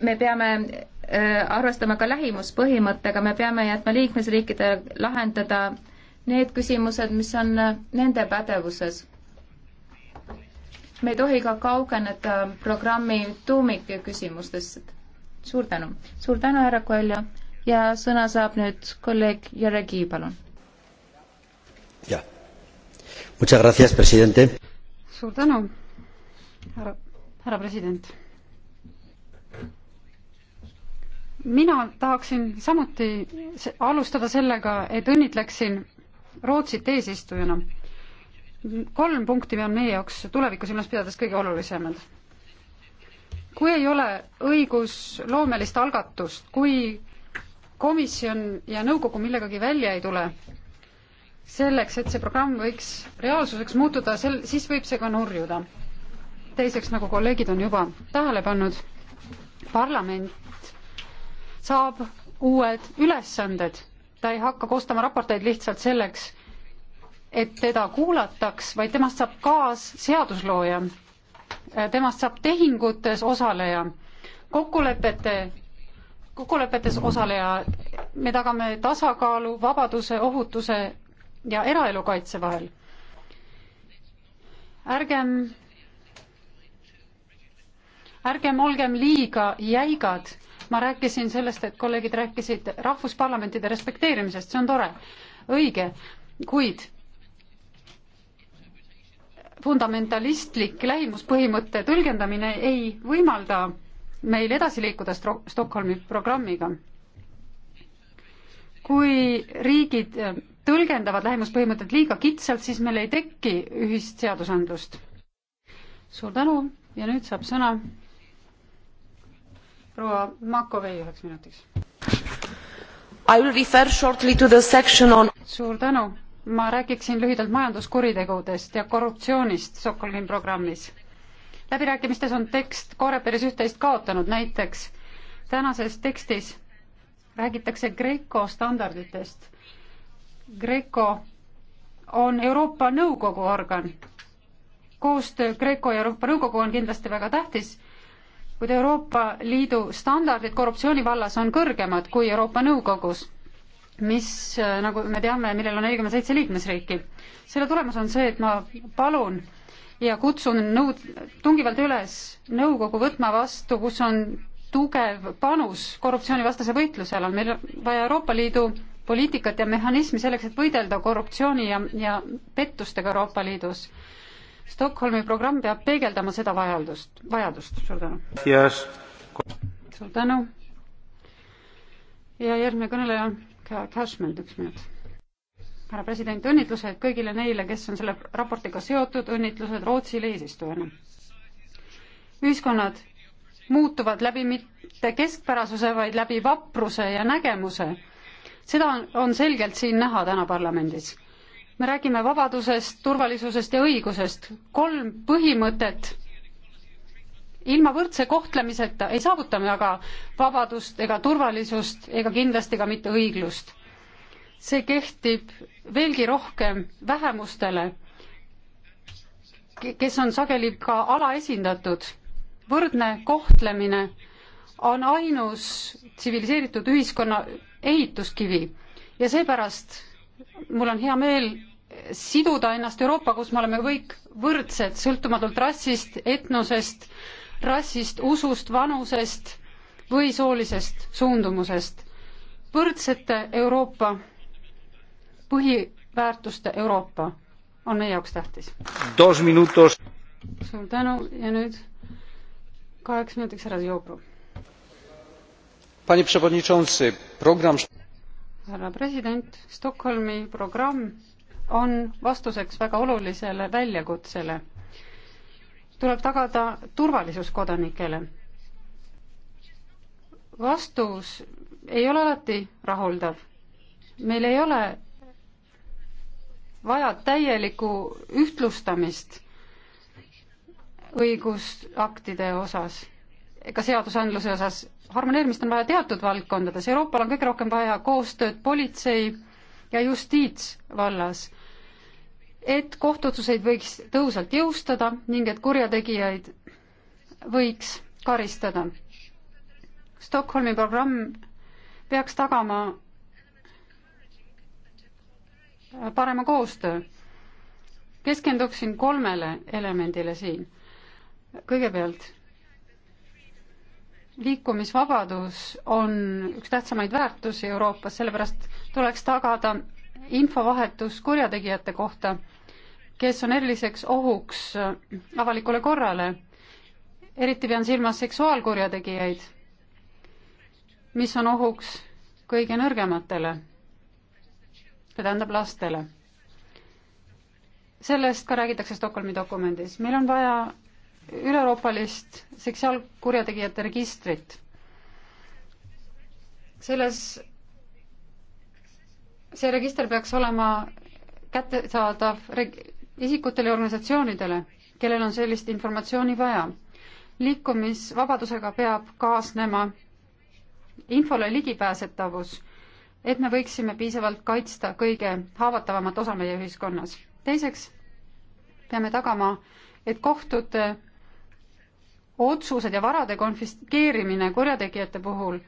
me peame äh, arvestama ka lähimuspõhimõttega, me peame jätma liikmesriikidele lahendada need küsimused, mis on nende pädevuses me ei tohi ka kaugeneda programmi tuumikküsimustest. suur tänu. suur tänu, härra Koelja ja sõna saab nüüd kolleeg Järgi, palun. jah. Muchas gracias, presidente. suur tänu, härra, härra president. mina tahaksin samuti alustada sellega, et õnnitleksin Rootsit eesistujana kolm punkti on meie jaoks tulevikku silmas pidades kõige olulisemad. kui ei ole õigusloomelist algatust, kui komisjon ja nõukogu millegagi välja ei tule, selleks, et see programm võiks reaalsuseks muutuda, sel-, siis võib see ka nurjuda. teiseks, nagu kolleegid on juba tähele pannud, parlament saab uued ülesanded, ta ei hakka koostama raporteid lihtsalt selleks, et teda kuulataks, vaid temast saab kaasseaduslooja. temast saab tehingutes osaleja, kokkulepete, kokkulepetes osaleja. me tagame tasakaalu vabaduse, ohutuse ja eraelu kaitse vahel. ärgem, ärgem olgem liiga jäigad. ma rääkisin sellest, et kolleegid rääkisid rahvusparlamentide respekteerimisest, see on tore, õige, kuid fundamentalistlik lähimuspõhimõtte tõlgendamine ei võimalda meil edasi liikuda Stockholmi programmiga. kui riigid äh, tõlgendavad lähimuspõhimõtet liiga kitsalt, siis meil ei teki ühist seadusandlust. suur tänu ja nüüd saab sõna proua Makovei üheks minutiks. I will refer shortly to the section on suur tänu ma räägiksin lühidalt majanduskuritegudest ja korruptsioonist Stockholmi programmis. läbirääkimistes on tekst Kooreperis üht-teist kaotanud, näiteks tänases tekstis räägitakse Kreeko standarditest. Kreeko on Euroopa Nõukogu organ. koostöö Kreeko ja Euroopa Nõukogu on kindlasti väga tähtis, kuid Euroopa Liidu standardid korruptsiooni vallas on kõrgemad kui Euroopa Nõukogus mis, äh, nagu me teame, millel on nelikümmend seitse liikmesriiki. selle tulemus on see, et ma palun ja kutsun nõud-, tungivalt üles nõukogu võtma vastu, kus on tugev panus korruptsioonivastase võitlusel, on meil vaja Euroopa Liidu poliitikat ja mehhanismi selleks, et võidelda korruptsiooni ja, ja pettustega Euroopa Liidus. Stockholmi programm peab peegeldama seda vajadust, vajadust, suur tänu yes.. suur tänu. ja järgmine kõneleja on Cashman, üks minut. härra president, õnnitlused kõigile neile, kes on selle raportiga seotud, õnnitlused Rootsile eesistujana. ühiskonnad muutuvad läbi mitte keskpärasuse, vaid läbi vapruse ja nägemuse. seda on, on selgelt siin näha täna parlamendis. me räägime vabadusest, turvalisusest ja õigusest, kolm põhimõtet ilma võrdse kohtlemiseta ei saavuta me aga vabadust ega turvalisust ega kindlasti ka mitte õiglust. see kehtib veelgi rohkem vähemustele, kes on sageli ka alaesindatud. võrdne kohtlemine on ainus tsiviliseeritud ühiskonna ehituskivi ja seepärast mul on hea meel siduda ennast Euroopa, kus me oleme kõik võrdsed, sõltumatult rassist, etnosest, rassist, usust, vanusest või soolisest suundumusest. võrdsete Euroopa, põhiväärtuste Euroopa on meie jaoks tähtis. suur tänu ja nüüd kaheks minutiks härra Zjobro. härra president, Stockholmi programm on vastuseks väga olulisele väljakutsele tuleb tagada turvalisus kodanikele. vastus ei ole alati rahuldav. meil ei ole vaja täielikku ühtlustamist õigusaktide osas ega seadusandluse osas, harmoneerimist on vaja teatud valdkondades, Euroopal on kõige rohkem vaja koostööd politsei ja justiitsvallas et kohtuotsuseid võiks tõhusalt jõustada ning et kurjategijaid võiks karistada. Stockholmi programm peaks tagama parema koostöö. keskenduksin kolmele elemendile siin. kõigepealt, liikumisvabadus on üks tähtsamaid väärtusi Euroopas, sellepärast tuleks tagada infovahetus kurjategijate kohta, kes on eriliseks ohuks avalikule korrale. eriti pean silmas seksuaalkurjategijaid, mis on ohuks kõige nõrgematele, see tähendab lastele. sellest ka räägitakse Stockholmi dokumendis. meil on vaja üleeuroopalist seksuaalkurjategijate registrit selles see register peaks olema kättesaadav isikutele ja organisatsioonidele, kellel on sellist informatsiooni vaja. liikumisvabadusega peab kaasnema infole ligipääsetavus, et me võiksime piisavalt kaitsta kõige haavatavamat osa meie ühiskonnas. teiseks peame tagama, et kohtute otsused ja varade konfiskeerimine kurjategijate puhul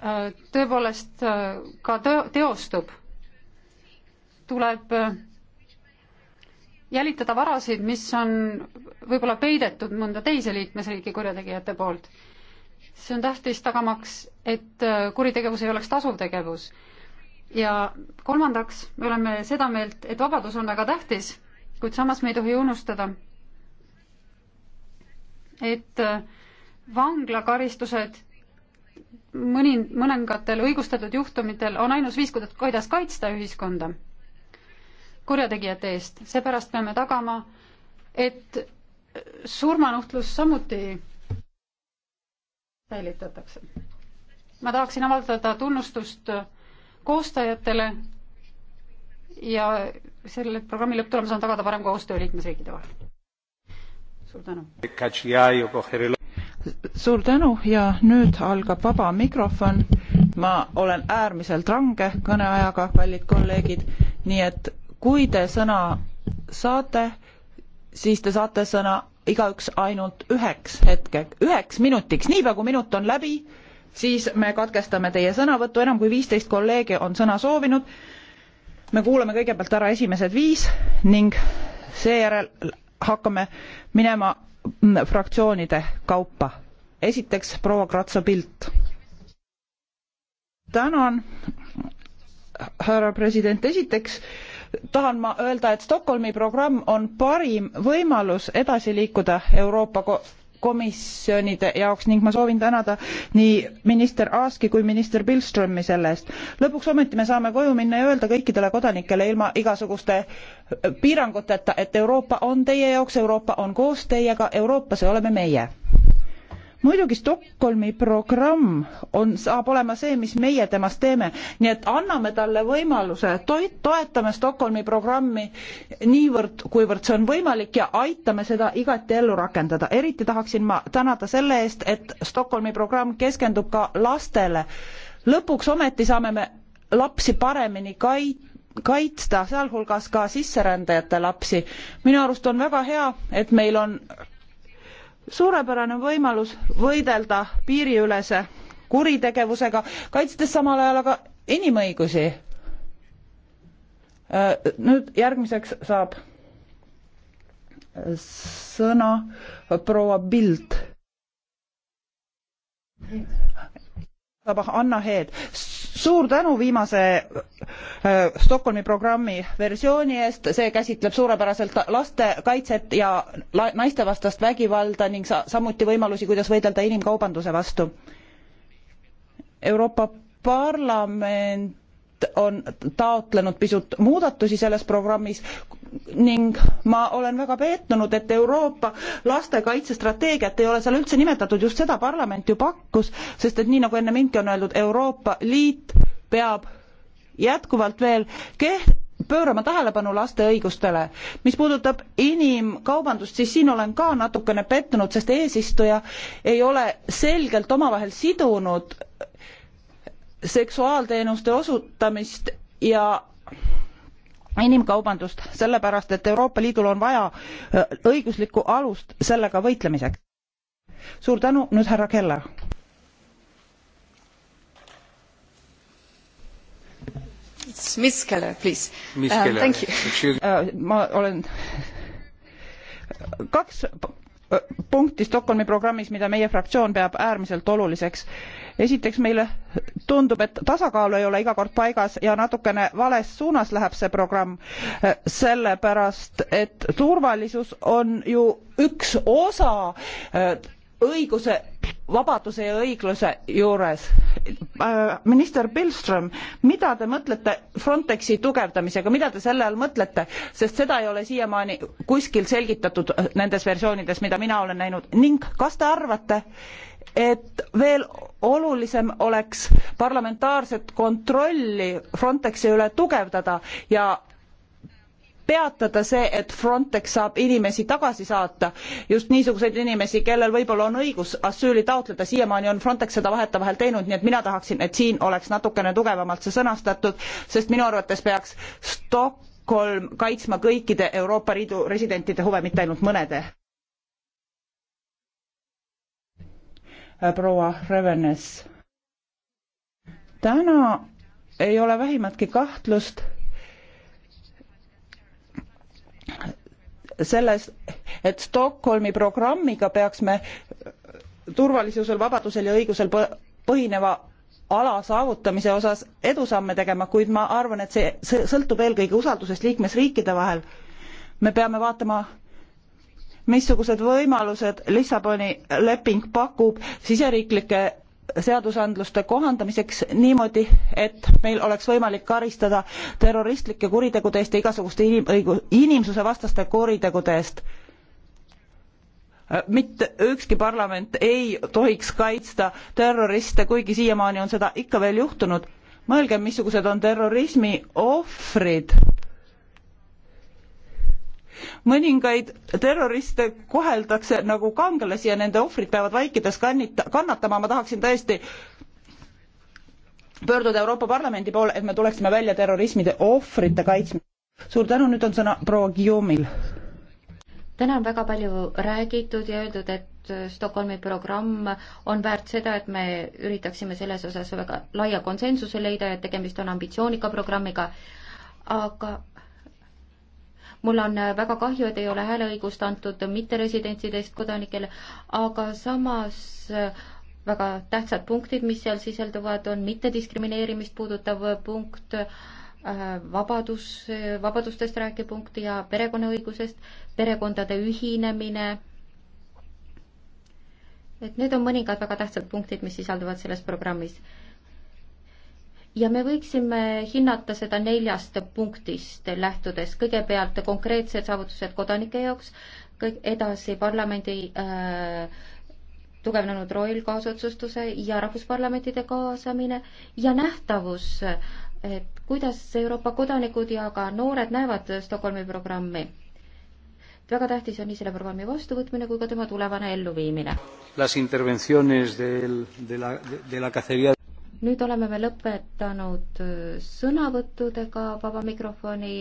Äh, tõepoolest äh, ka teostub, tuleb äh, jälitada varasid, mis on võib-olla peidetud mõnda teise liikmesriigi kurjategijate poolt. see on tähtis tagamaks, et kuritegevus ei oleks tasuv tegevus. ja kolmandaks, me oleme seda meelt, et vabadus on väga tähtis, kuid samas me ei tohi unustada, et vanglakaristused mõni, mõningatel õigustatud juhtumitel on ainus viis, kuidas kaitsta ühiskonda kurjategijate eest, seepärast peame tagama, et surmanuhtlus samuti säilitatakse. ma tahaksin avaldada tunnustust koostajatele ja selle programmi lõpptulemus on tagada parem koostöö liikmesriikide vahel. suur tänu suur tänu ja nüüd algab vaba mikrofon. ma olen äärmiselt range kõneajaga, kallid kolleegid, nii et kui te sõna saate, siis te saate sõna igaüks ainult üheks hetkeks, üheks minutiks, niipea kui minut on läbi, siis me katkestame teie sõnavõttu, enam kui viisteist kolleegi on sõna soovinud. me kuulame kõigepealt ära esimesed viis ning seejärel hakkame minema fraktsioonide kaupa. esiteks proua Kratsa pilt. tänan, härra president, esiteks tahan ma öelda, et Stockholmi programm on parim võimalus edasi liikuda Euroopa komisjonide jaoks ning ma soovin tänada nii minister Aaski kui minister Pilströmi selle eest. lõpuks ometi me saame koju minna ja öelda kõikidele kodanikele ilma igasuguste piiranguteta, et Euroopa on teie jaoks, Euroopa on koos teiega, Euroopas oleme meie muidugi Stockholmi programm on, saab olema see, mis meie temast teeme, nii et anname talle võimaluse, toetame Stockholmi programmi niivõrd, kuivõrd see on võimalik ja aitame seda igati ellu rakendada. eriti tahaksin ma tänada selle eest, et Stockholmi programm keskendub ka lastele. lõpuks ometi saame me lapsi paremini kait-, kaitsta, sealhulgas ka sisserändajate lapsi. minu arust on väga hea, et meil on suurepärane võimalus võidelda piiriülese kuritegevusega kaitstes samal ajal aga inimõigusi äh, nüüd järgmiseks saab sõna proua Bild. Anna Heed, suur tänu viimase äh, Stockholmi programmi versiooni eest, see käsitleb suurepäraselt lastekaitset ja naistevastast vägivalda ning sa samuti võimalusi, kuidas võidelda inimkaubanduse vastu. Euroopa Parlament on taotlenud pisut muudatusi selles programmis ning ma olen väga pettunud, et Euroopa lastekaitsestrateegiat ei ole seal üldse nimetatud, just seda parlament ju pakkus, sest et nii nagu enne mindki on öeldud, Euroopa Liit peab jätkuvalt veel keht-, pöörama tähelepanu laste õigustele. mis puudutab inimkaubandust, siis siin olen ka natukene pettunud, sest eesistuja ei ole selgelt omavahel sidunud seksuaalteenuste osutamist ja inimkaubandust sellepärast et euroopa liidul on vaja äh, õiguslikku alust sellega võitlemiseks. suur tänu nüüd härra keller. Miss Keller, please. Miss um, Keller. Uh, thank you. Uh, ma olen kaks punkti Stockholmi programmis, mida meie fraktsioon peab äärmiselt oluliseks. esiteks meile tundub, et tasakaal ei ole iga kord paigas ja natukene vales suunas läheb see programm, sellepärast et turvalisus on ju üks osa õiguse vabaduse ja õigluse juures. Äh, minister Pilström, mida te mõtlete Frontexi tugevdamisega, mida te selle all mõtlete, sest seda ei ole siiamaani kuskil selgitatud äh, nendes versioonides, mida mina olen näinud ning kas te arvate, et veel olulisem oleks parlamentaarset kontrolli Frontexi üle tugevdada ja peatada see, et Frontex saab inimesi tagasi saata, just niisuguseid inimesi, kellel võib-olla on õigus asüüli taotleda, siiamaani on Frontex seda vahetevahel teinud, nii et mina tahaksin, et siin oleks natukene tugevamalt see sõnastatud, sest minu arvates peaks Stockholm kaitsma kõikide Euroopa Liidu residentide huve, mitte ainult mõnede. proua Revenes. täna ei ole vähimatki kahtlust selles, et Stockholmi programmiga peaks me turvalisusel, vabadusel ja õigusel põhineva ala saavutamise osas edusamme tegema, kuid ma arvan, et see sõltub eelkõige usaldusest liikmesriikide vahel. me peame vaatama, missugused võimalused Lissaboni leping pakub siseriiklike seadusandluste kohandamiseks niimoodi et meil oleks võimalik karistada terroristlike kuritegude eest ja igasuguste inimõigu- inimsusevastaste kuritegude eest mitte ükski parlament ei tohiks kaitsta terroriste kuigi siiamaani on seda ikka veel juhtunud mõelgem missugused on terrorismi ohvrid mõningaid terroriste koheldakse nagu kangelasi ja nende ohvrid peavad vaikides kannita- kannatama ma tahaksin tõesti pöörduda euroopa parlamendi poole et me tuleksime välja terrorismi ohvrite kaitsmisega suur tänu nüüd on sõna proua guillaume'il täna on väga palju räägitud ja öeldud, et äh, Stockholmi programm on väärt seda, et me üritaksime selles osas väga laia konsensuse leida ja tegemist on ambitsioonika programmiga, aga mul on äh, väga kahju, et ei ole hääleõigust antud mitteresidentsidest kodanikele, aga samas äh, väga tähtsad punktid, mis seal sisalduvad, on mittediskrimineerimist puudutav punkt, äh, vabadus, vabadustest rääkiv punkt ja perekonnaõigusest, perekondade ühinemine. et need on mõningad väga tähtsad punktid, mis sisalduvad selles programmis ja me võiksime hinnata seda neljast punktist lähtudes, kõigepealt konkreetsed saavutused kodanike jaoks, kõik edasi parlamendi äh, tugevnenud roll kaasotsustuse ja rahvusparlamentide kaasamine ja nähtavus, et kuidas Euroopa kodanikud ja ka noored näevad Stockholmi programmi. väga tähtis on nii selle programmi vastuvõtmine kui ka tema tulevane elluviimine. Las intervenciones del, de la, de la cacería nüüd oleme me lõpetanud äh, sõnavõttudega vaba mikrofoni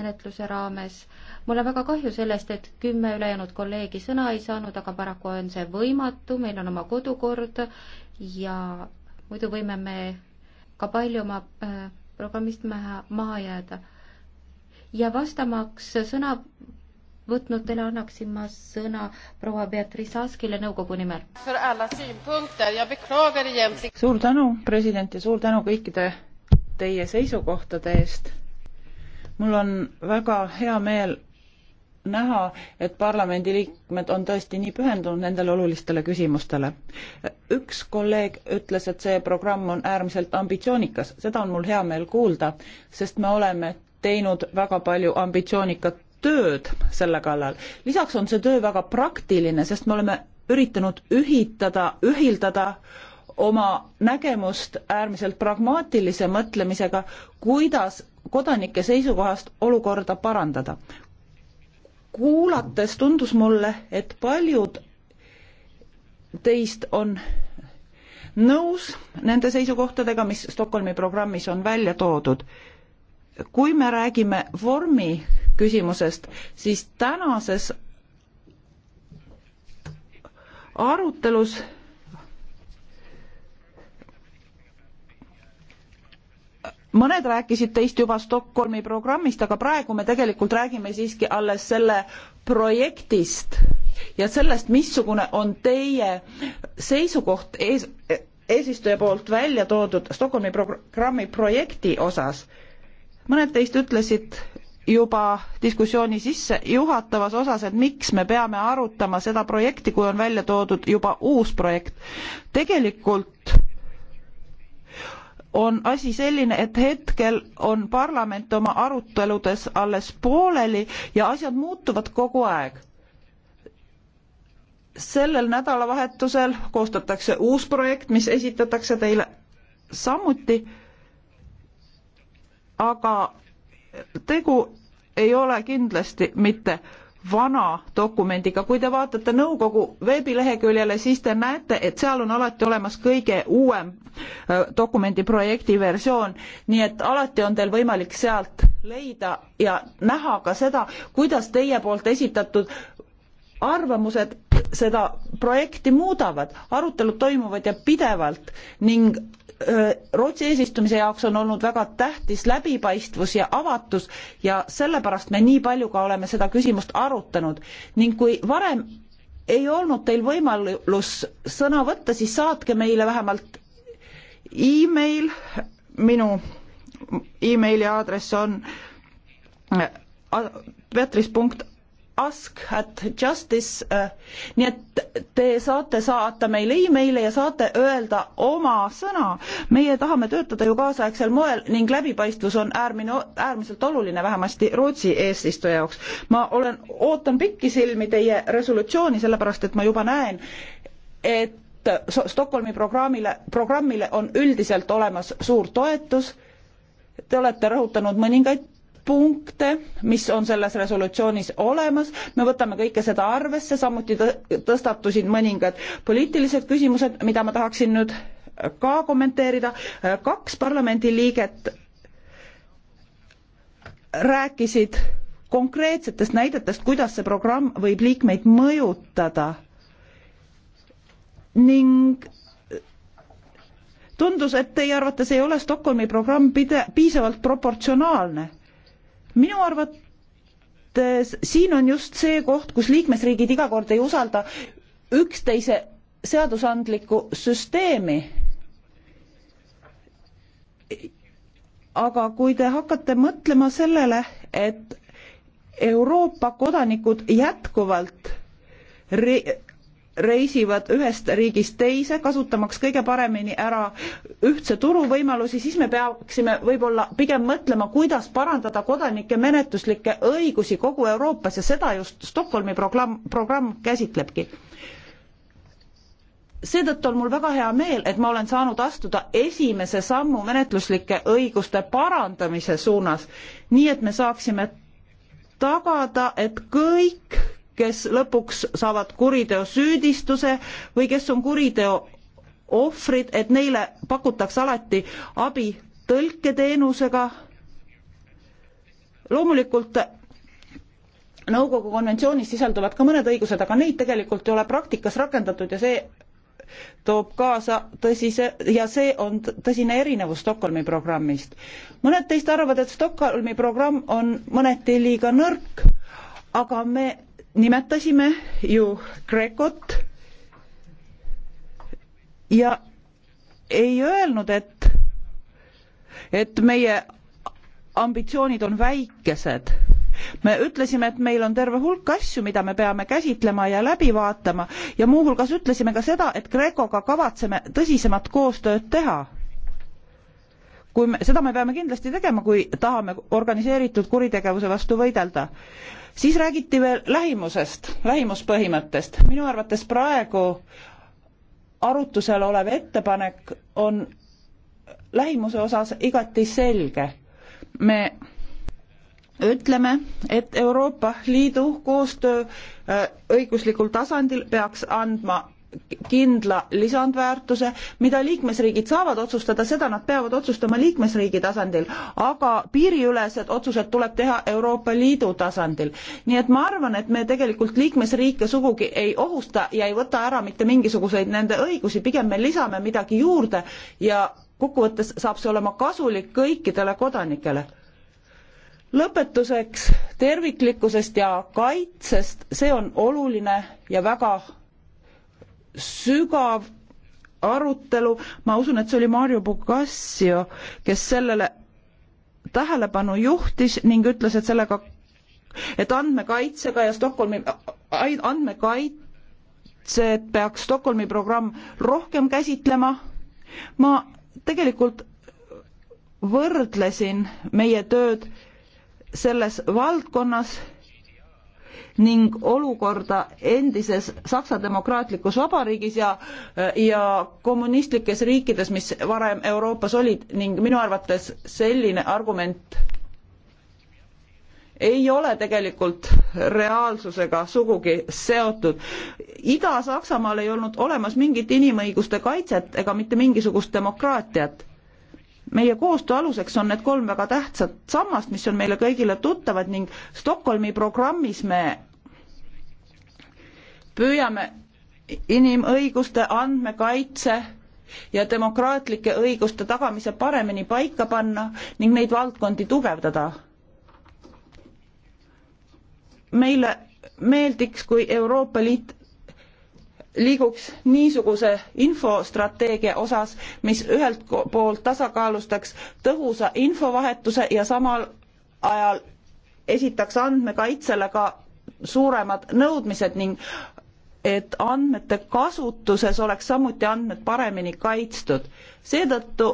menetluse raames. mul on väga kahju sellest, et kümme ülejäänud kolleegi sõna ei saanud, aga paraku on see võimatu, meil on oma kodukord ja muidu võime me ka palju oma äh, programmist maha, maha jääda. ja vastamaks sõna võtnutele annaksin ma sõna proua Beatrice Askile nõukogu nimel. suur tänu, president, ja suur tänu kõikide teie seisukohtade eest. mul on väga hea meel näha, et parlamendiliikmed on tõesti nii pühendunud nendele olulistele küsimustele. üks kolleeg ütles, et see programm on äärmiselt ambitsioonikas, seda on mul hea meel kuulda, sest me oleme teinud väga palju ambitsioonikat tööd selle kallal. lisaks on see töö väga praktiline, sest me oleme üritanud ühitada, ühildada oma nägemust äärmiselt pragmaatilise mõtlemisega, kuidas kodanike seisukohast olukorda parandada. kuulates tundus mulle, et paljud teist on nõus nende seisukohtadega, mis Stockholmi programmis on välja toodud kui me räägime vormi küsimusest, siis tänases arutelus mõned rääkisid teist juba Stockholmi programmist, aga praegu me tegelikult räägime siiski alles selle projektist ja sellest, missugune on teie seisukoht ees, eesistuja poolt välja toodud Stockholmi programmi projekti osas mõned teist ütlesid juba diskussiooni sisse juhatavas osas, et miks me peame arutama seda projekti, kui on välja toodud juba uus projekt. tegelikult on asi selline, et hetkel on parlament oma aruteludes alles pooleli ja asjad muutuvad kogu aeg. sellel nädalavahetusel koostatakse uus projekt, mis esitatakse teile samuti aga tegu ei ole kindlasti mitte vana dokumendiga, kui te vaatate nõukogu veebileheküljele, siis te näete, et seal on alati olemas kõige uuem äh, dokumendi projekti versioon, nii et alati on teil võimalik sealt leida ja näha ka seda, kuidas teie poolt esitatud arvamused seda projekti muudavad, arutelud toimuvad ja pidevalt ning Rootsi eesistumise jaoks on olnud väga tähtis läbipaistvus ja avatus ja sellepärast me nii palju ka oleme seda küsimust arutanud ning kui varem ei olnud teil võimalus sõna võtta, siis saatke meile vähemalt email, minu emaili aadress on Beatrice äh, punkt ask at justice äh,, nii et te saate saata meile emaili ja saate öelda oma sõna. meie tahame töötada ju kaasaegsel moel ning läbipaistvus on äärmine, äärmiselt oluline, vähemasti Rootsi eesistuja jaoks. ma olen, ootan pikkisilmi teie resolutsiooni, sellepärast et ma juba näen, et Stockholmi programmile, programmile on üldiselt olemas suur toetus, te olete rõhutanud mõningaid punkte, mis on selles resolutsioonis olemas, me võtame kõike seda arvesse, samuti tõstatusid mõningad poliitilised küsimused, mida ma tahaksin nüüd ka kommenteerida, kaks parlamendiliiget rääkisid konkreetsetest näidetest, kuidas see programm võib liikmeid mõjutada ning tundus, et teie arvates ei ole Stockholmi programm pide-, piisavalt proportsionaalne minu arvates siin on just see koht, kus liikmesriigid iga kord ei usalda üksteise seadusandlikku süsteemi. aga kui te hakkate mõtlema sellele, et Euroopa kodanikud jätkuvalt re reisivad ühest riigist teise, kasutamaks kõige paremini ära ühtse turu võimalusi, siis me peaksime võib-olla pigem mõtlema, kuidas parandada kodanike menetluslikke õigusi kogu Euroopas ja seda just Stockholmi programm, programm käsitlebki. seetõttu on mul väga hea meel, et ma olen saanud astuda esimese sammu menetluslike õiguste parandamise suunas, nii et me saaksime tagada, et kõik kes lõpuks saavad kuriteosüüdistuse või kes on kuriteo ohvrid, et neile pakutakse alati abi tõlketeenusega. loomulikult nõukogu konventsioonis sisalduvad ka mõned õigused, aga neid tegelikult ei ole praktikas rakendatud ja see toob kaasa tõsise ja see on tõsine erinevus Stockholmi programmist. mõned teist arvavad, et Stockholmi programm on mõneti liiga nõrk, aga me nimetasime ju Grekot ja ei öelnud, et, et meie ambitsioonid on väikesed. me ütlesime, et meil on terve hulk asju, mida me peame käsitlema ja läbi vaatama ja muuhulgas ütlesime ka seda, et Kreekoga kavatseme tõsisemat koostööd teha kui me, seda me peame kindlasti tegema, kui tahame organiseeritud kuritegevuse vastu võidelda. siis räägiti veel lähimusest, lähimuspõhimõttest. minu arvates praegu arutusel olev ettepanek on lähimuse osas igati selge. me ütleme, et Euroopa Liidu koostöö äh, õiguslikul tasandil peaks andma kindla lisandväärtuse, mida liikmesriigid saavad otsustada, seda nad peavad otsustama liikmesriigi tasandil, aga piiriülesed otsused tuleb teha Euroopa Liidu tasandil. nii et ma arvan, et me tegelikult liikmesriike sugugi ei ohusta ja ei võta ära mitte mingisuguseid nende õigusi, pigem me lisame midagi juurde ja kokkuvõttes saab see olema kasulik kõikidele kodanikele lõpetuseks terviklikkusest ja kaitsest see on oluline ja väga sügav arutelu, ma usun, et see oli Mario Bucassio, kes sellele tähelepanu juhtis ning ütles, et sellega, et andmekaitsega ja Stockholmi, andmekaitset peaks Stockholmi programm rohkem käsitlema. ma tegelikult võrdlesin meie tööd selles valdkonnas ning olukorda endises Saksa demokraatlikus vabariigis ja, ja kommunistlikes riikides, mis varem Euroopas olid ning minu arvates selline argument ei ole tegelikult reaalsusega sugugi seotud. Ida-Saksamaal ei olnud olemas mingit inimõiguste kaitset ega mitte mingisugust demokraatiat meie koostöö aluseks on need kolm väga tähtsat sammast, mis on meile kõigile tuttavad ning Stockholmi programmis me püüame inimõiguste andmekaitse ja demokraatlike õiguste tagamise paremini paika panna ning neid valdkondi tugevdada. meile meeldiks, kui Euroopa Liit liiguks niisuguse infostrateegia osas, mis ühelt poolt tasakaalustaks tõhusa infovahetuse ja samal ajal esitaks andmekaitsele ka suuremad nõudmised ning et andmete kasutuses oleks samuti andmed paremini kaitstud. seetõttu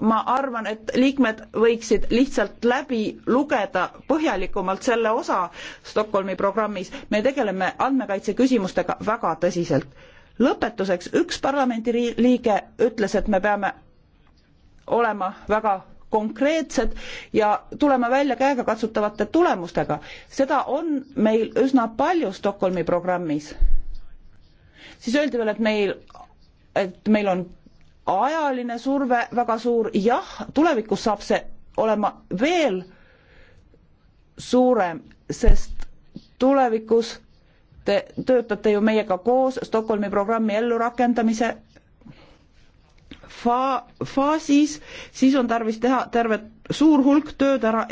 ma arvan, et liikmed võiksid lihtsalt läbi lugeda põhjalikumalt selle osa Stockholmi programmis. me tegeleme andmekaitse küsimustega väga tõsiselt. lõpetuseks, üks parlamendiliige ütles, et me peame olema väga konkreetsed ja tulema välja käegakatsutavate tulemustega. seda on meil üsna palju Stockholmi programmis. siis öeldi veel, et meil, et meil on ajaline surve väga suur, jah, tulevikus saab see olema veel suurem, sest tulevikus te töötate ju meiega koos Stockholmi programmi ellurakendamise fa-, faasis, siis on tarvis teha terve suur hulk tööd ära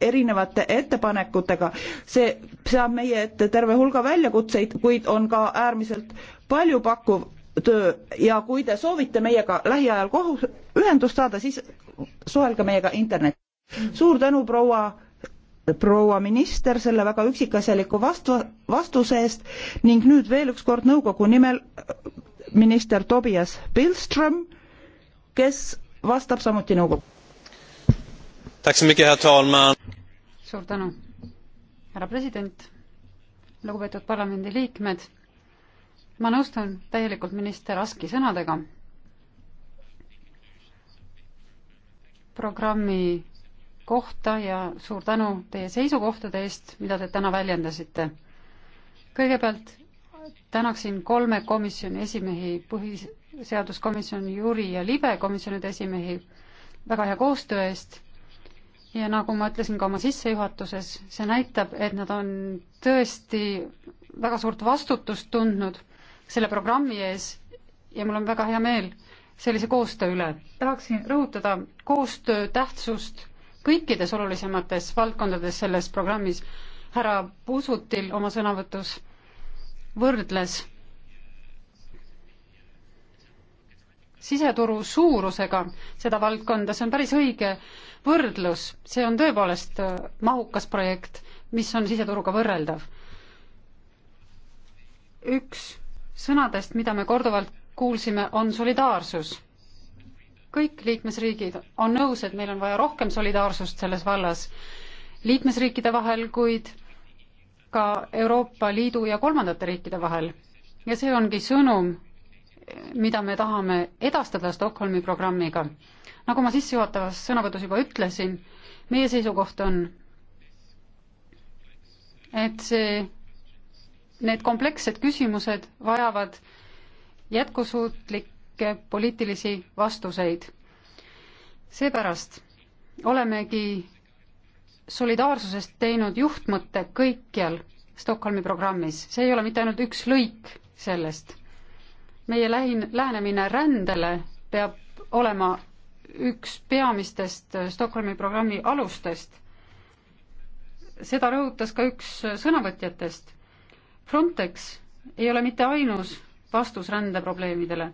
erinevate ettepanekutega. see seab meie ette terve hulga väljakutseid, kuid on ka äärmiselt paljupakkuv töö ja kui te soovite meiega lähiajal kohus, ühendust saada, siis suhelge meiega internetis. suur tänu, proua, proua minister selle väga üksikasjaliku vastu, vastuse eest ning nüüd veel üks kord nõukogu nimel äh, minister Tobias Billström, kes vastab samuti nõukogu. suur tänu, härra president, lugupeetud parlamendiliikmed ma nõustun täielikult minister Aski sõnadega. programmi kohta ja suur tänu teie seisukohtade eest, mida te täna väljendasite. kõigepealt tänaksin kolme komisjoni esimehi, põhiseaduskomisjoni Juri ja Libe komisjonide esimehi väga hea koostöö eest ja nagu ma ütlesin ka oma sissejuhatuses, see näitab, et nad on tõesti väga suurt vastutust tundnud selle programmi ees ja mul on väga hea meel sellise koostöö üle. tahaksin rõhutada koostöö tähtsust kõikides olulisemates valdkondades selles programmis. härra Puusutil oma sõnavõtus võrdles siseturu suurusega seda valdkonda, see on päris õige võrdlus, see on tõepoolest äh, mahukas projekt, mis on siseturuga võrreldav. üks sõnadest, mida me korduvalt kuulsime, on solidaarsus. kõik liikmesriigid on nõus, et meil on vaja rohkem solidaarsust selles vallas liikmesriikide vahel, kuid ka Euroopa Liidu ja kolmandate riikide vahel. ja see ongi sõnum, mida me tahame edastada Stockholmi programmiga. nagu ma sissejuhatavas sõnavõtus juba ütlesin, meie seisukoht on, et see need komplekssed küsimused vajavad jätkusuutlikke poliitilisi vastuseid. seepärast olemegi solidaarsusest teinud juhtmõtte kõikjal Stockholmi programmis, see ei ole mitte ainult üks lõik sellest. meie lähin-, lähenemine rändele peab olema üks peamistest Stockholmi programmi alustest. seda rõhutas ka üks sõnavõtjatest Frontex ei ole mitte ainus vastus rändeprobleemidele.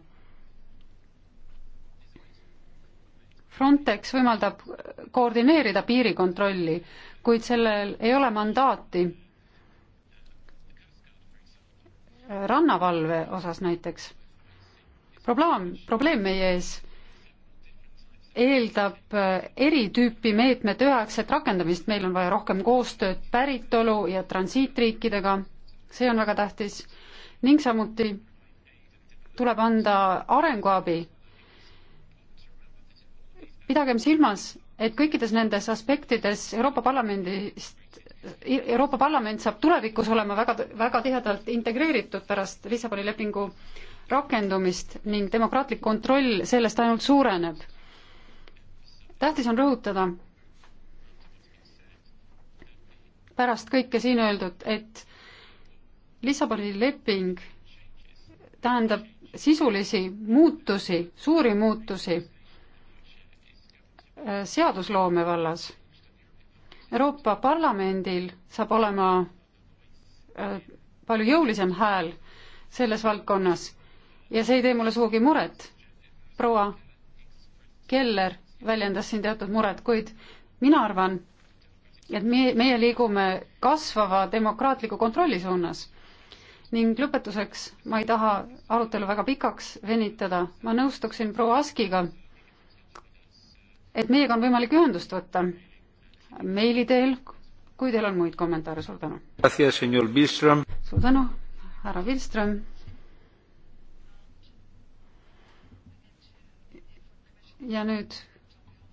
Frontex võimaldab koordineerida piirikontrolli, kuid sellel ei ole mandaati rannavalve osas näiteks. probleem, probleem meie ees eeldab äh, eri tüüpi meetmete üheaegset rakendamist, meil on vaja rohkem koostööd päritolu- ja transiitriikidega see on väga tähtis, ning samuti tuleb anda arenguabi. pidagem silmas, et kõikides nendes aspektides Euroopa Parlamendist, Euroopa Parlament saab tulevikus olema väga, väga tihedalt integreeritud pärast Lissaboni lepingu rakendumist ning demokraatlik kontroll sellest ainult suureneb. tähtis on rõhutada pärast kõike siin öeldud, et Lissaboni leping tähendab sisulisi muutusi, suuri muutusi äh, seadusloome vallas. Euroopa Parlamendil saab olema äh, palju jõulisem hääl selles valdkonnas ja see ei tee mulle sugugi muret. proua Keller väljendas siin teatud muret, kuid mina arvan, et me, meie liigume kasvava demokraatliku kontrolli suunas ning lõpetuseks, ma ei taha arutelu väga pikaks venitada, ma nõustuksin proua Askiga, et meiega on võimalik ühendust võtta meili teel, kui teil on muid kommentaare, suur tänu. suur tänu, härra Wilström. ja nüüd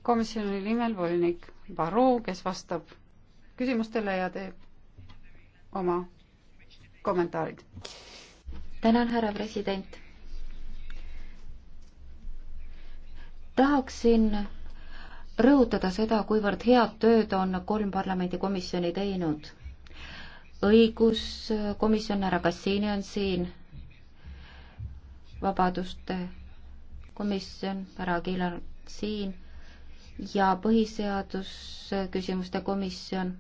komisjoni nimel volinik Baru, kes vastab küsimustele ja teeb oma kommentaarid. tänan, härra president. tahaksin rõhutada seda, kuivõrd head tööd on kolm parlamendikomisjoni teinud. õiguskomisjon, härra Kassini on siin, vabaduste komisjon, härra Aguilar siin ja põhiseadusküsimuste komisjon.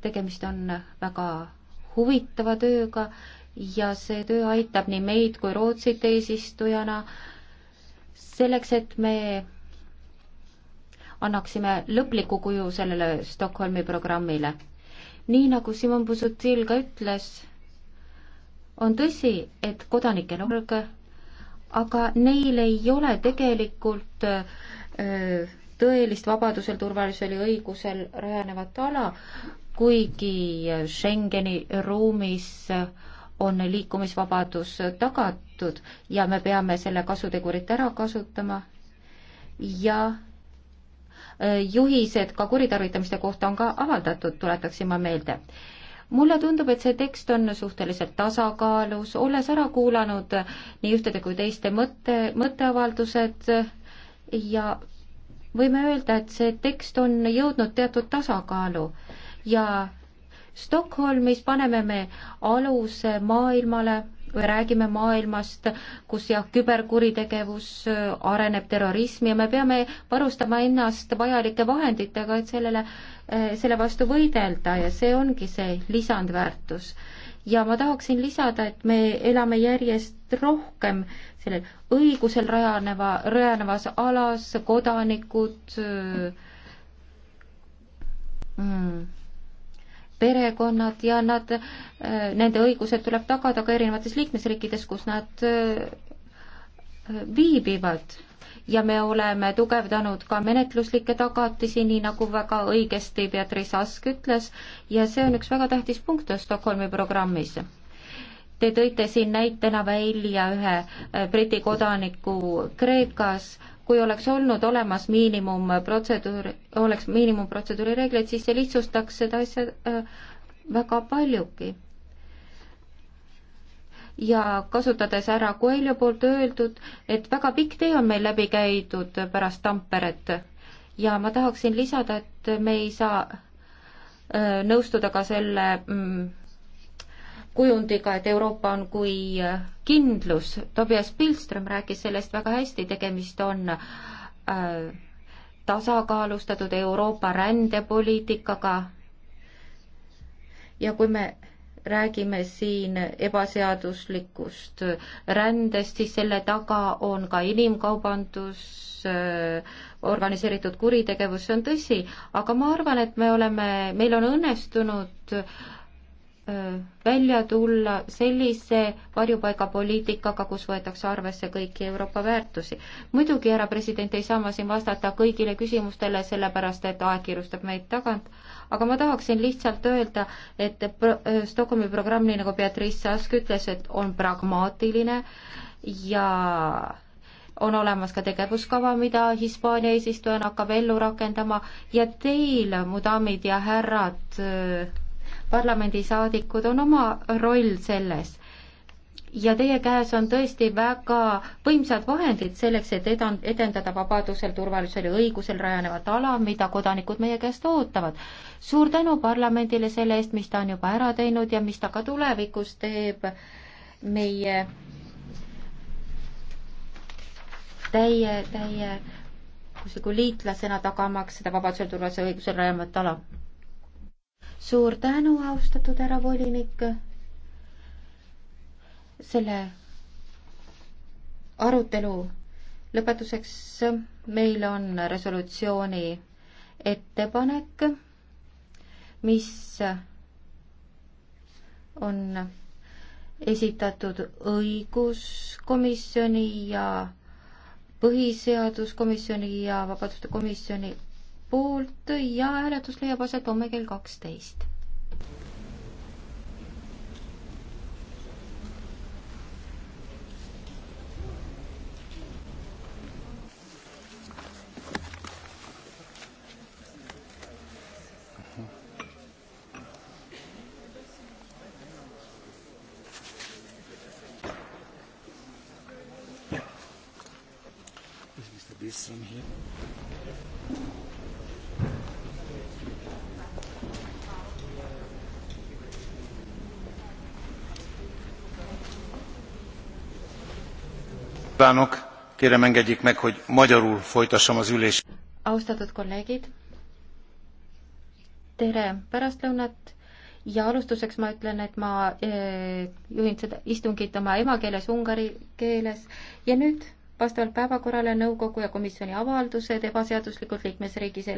tegemist on väga huvitava tööga ja see töö aitab nii meid kui Rootsit eesistujana selleks, et me annaksime lõpliku kuju sellele Stockholmi programmile. nii nagu Simon Pusutil ka ütles, on tõsi, et kodanikel on kõrge, aga neil ei ole tegelikult öö, äh, tõelist vabadusel, turvalisel ja õigusel rajanevat ala, kuigi Schengeni ruumis on liikumisvabadus tagatud ja me peame selle kasutegurit ära kasutama ja äh, juhised ka kuritarvitamiste kohta on ka avaldatud, tuletaksin ma meelde. mulle tundub, et see tekst on suhteliselt tasakaalus, olles ära kuulanud nii ühtede kui teiste mõtte, mõtteavaldused ja võime öelda, et see tekst on jõudnud teatud tasakaalu ja Stockholmis paneme me aluse maailmale või räägime maailmast, kus jah, küberkuritegevus äh, areneb, terrorism ja me peame varustama ennast vajalike vahenditega, et sellele, äh, selle vastu võidelda ja see ongi see lisandväärtus. ja ma tahaksin lisada, et me elame järjest rohkem sellel õigusel rajaneva, rajanevas alas, kodanikud äh, mm, perekonnad ja nad, äh, nende õigused tuleb tagada ka erinevates liikmesriikides, kus nad äh, viibivad. ja me oleme tugevdanud ka menetluslikke tagatisi, nii nagu väga õigesti Beatrice Ask ütles, ja see on üks väga tähtis punkt Stockholmi programmis. Te tõite siin näitena välja ühe äh, Briti kodaniku Kreekas, kui oleks olnud olemas miinimumprotseduur, oleks miinimumprotseduuri reegleid, siis see lihtsustaks seda asja äh, väga paljugi. ja kasutades ära Coelho poolt öeldud, et väga pikk tee on meil läbi käidud pärast Tamperet ja ma tahaksin lisada, et me ei saa äh, nõustuda ka selle mm, kujundiga, et Euroopa on kui äh, kindlus. Tobias Pilström rääkis sellest väga hästi, tegemist on äh, tasakaalustatud Euroopa rändepoliitikaga. ja kui me räägime siin ebaseaduslikust rändest, siis selle taga on ka inimkaubandus äh,, organiseeritud kuritegevus, see on tõsi, aga ma arvan, et me oleme, meil on õnnestunud äh, välja tulla sellise varjupaigapoliitikaga, kus võetakse arvesse kõiki Euroopa väärtusi. muidugi, härra president, ei saa ma siin vastata kõigile küsimustele, sellepärast et aeg kiirustab meid tagant, aga ma tahaksin lihtsalt öelda, et pro-, Stockholmi programm, nii nagu Beatrice Ask ütles, et on pragmaatiline ja on olemas ka tegevuskava, mida Hispaania eesistujana hakkab ellu rakendama ja teil, mu daamid ja härrad, parlamendisaadikud on oma roll selles. ja teie käes on tõesti väga võimsad vahendid selleks, et edan-, edendada vabadusel, turvalisusel ja õigusel rajanevat ala, mida kodanikud meie käest ootavad. suur tänu parlamendile selle eest, mis ta on juba ära teinud ja mis ta ka tulevikus teeb meie täie, täie kui liitlasena tagamaks seda vabadusel, turvalisel ja õigusel rajanevat ala suur tänu, austatud härra volinik, selle arutelu lõpetuseks meil on resolutsiooni ettepanek, mis on esitatud õiguskomisjoni ja põhiseaduskomisjoni ja vabaduste komisjoni poolt ja hääletus leiab aset homme kell kaksteist kívánok! Kérem engedjék meg, hogy magyarul folytassam az ülést. Austatud kolleegid! Tere pärastlõunat ja alustuseks ma ütlen, et ma e, juhin seda istungit oma emakeeles, ungari keeles ja nüüd vastavalt päevakorrale nõukogu ja komisjoni avaldused ebaseaduslikult liikmesriigis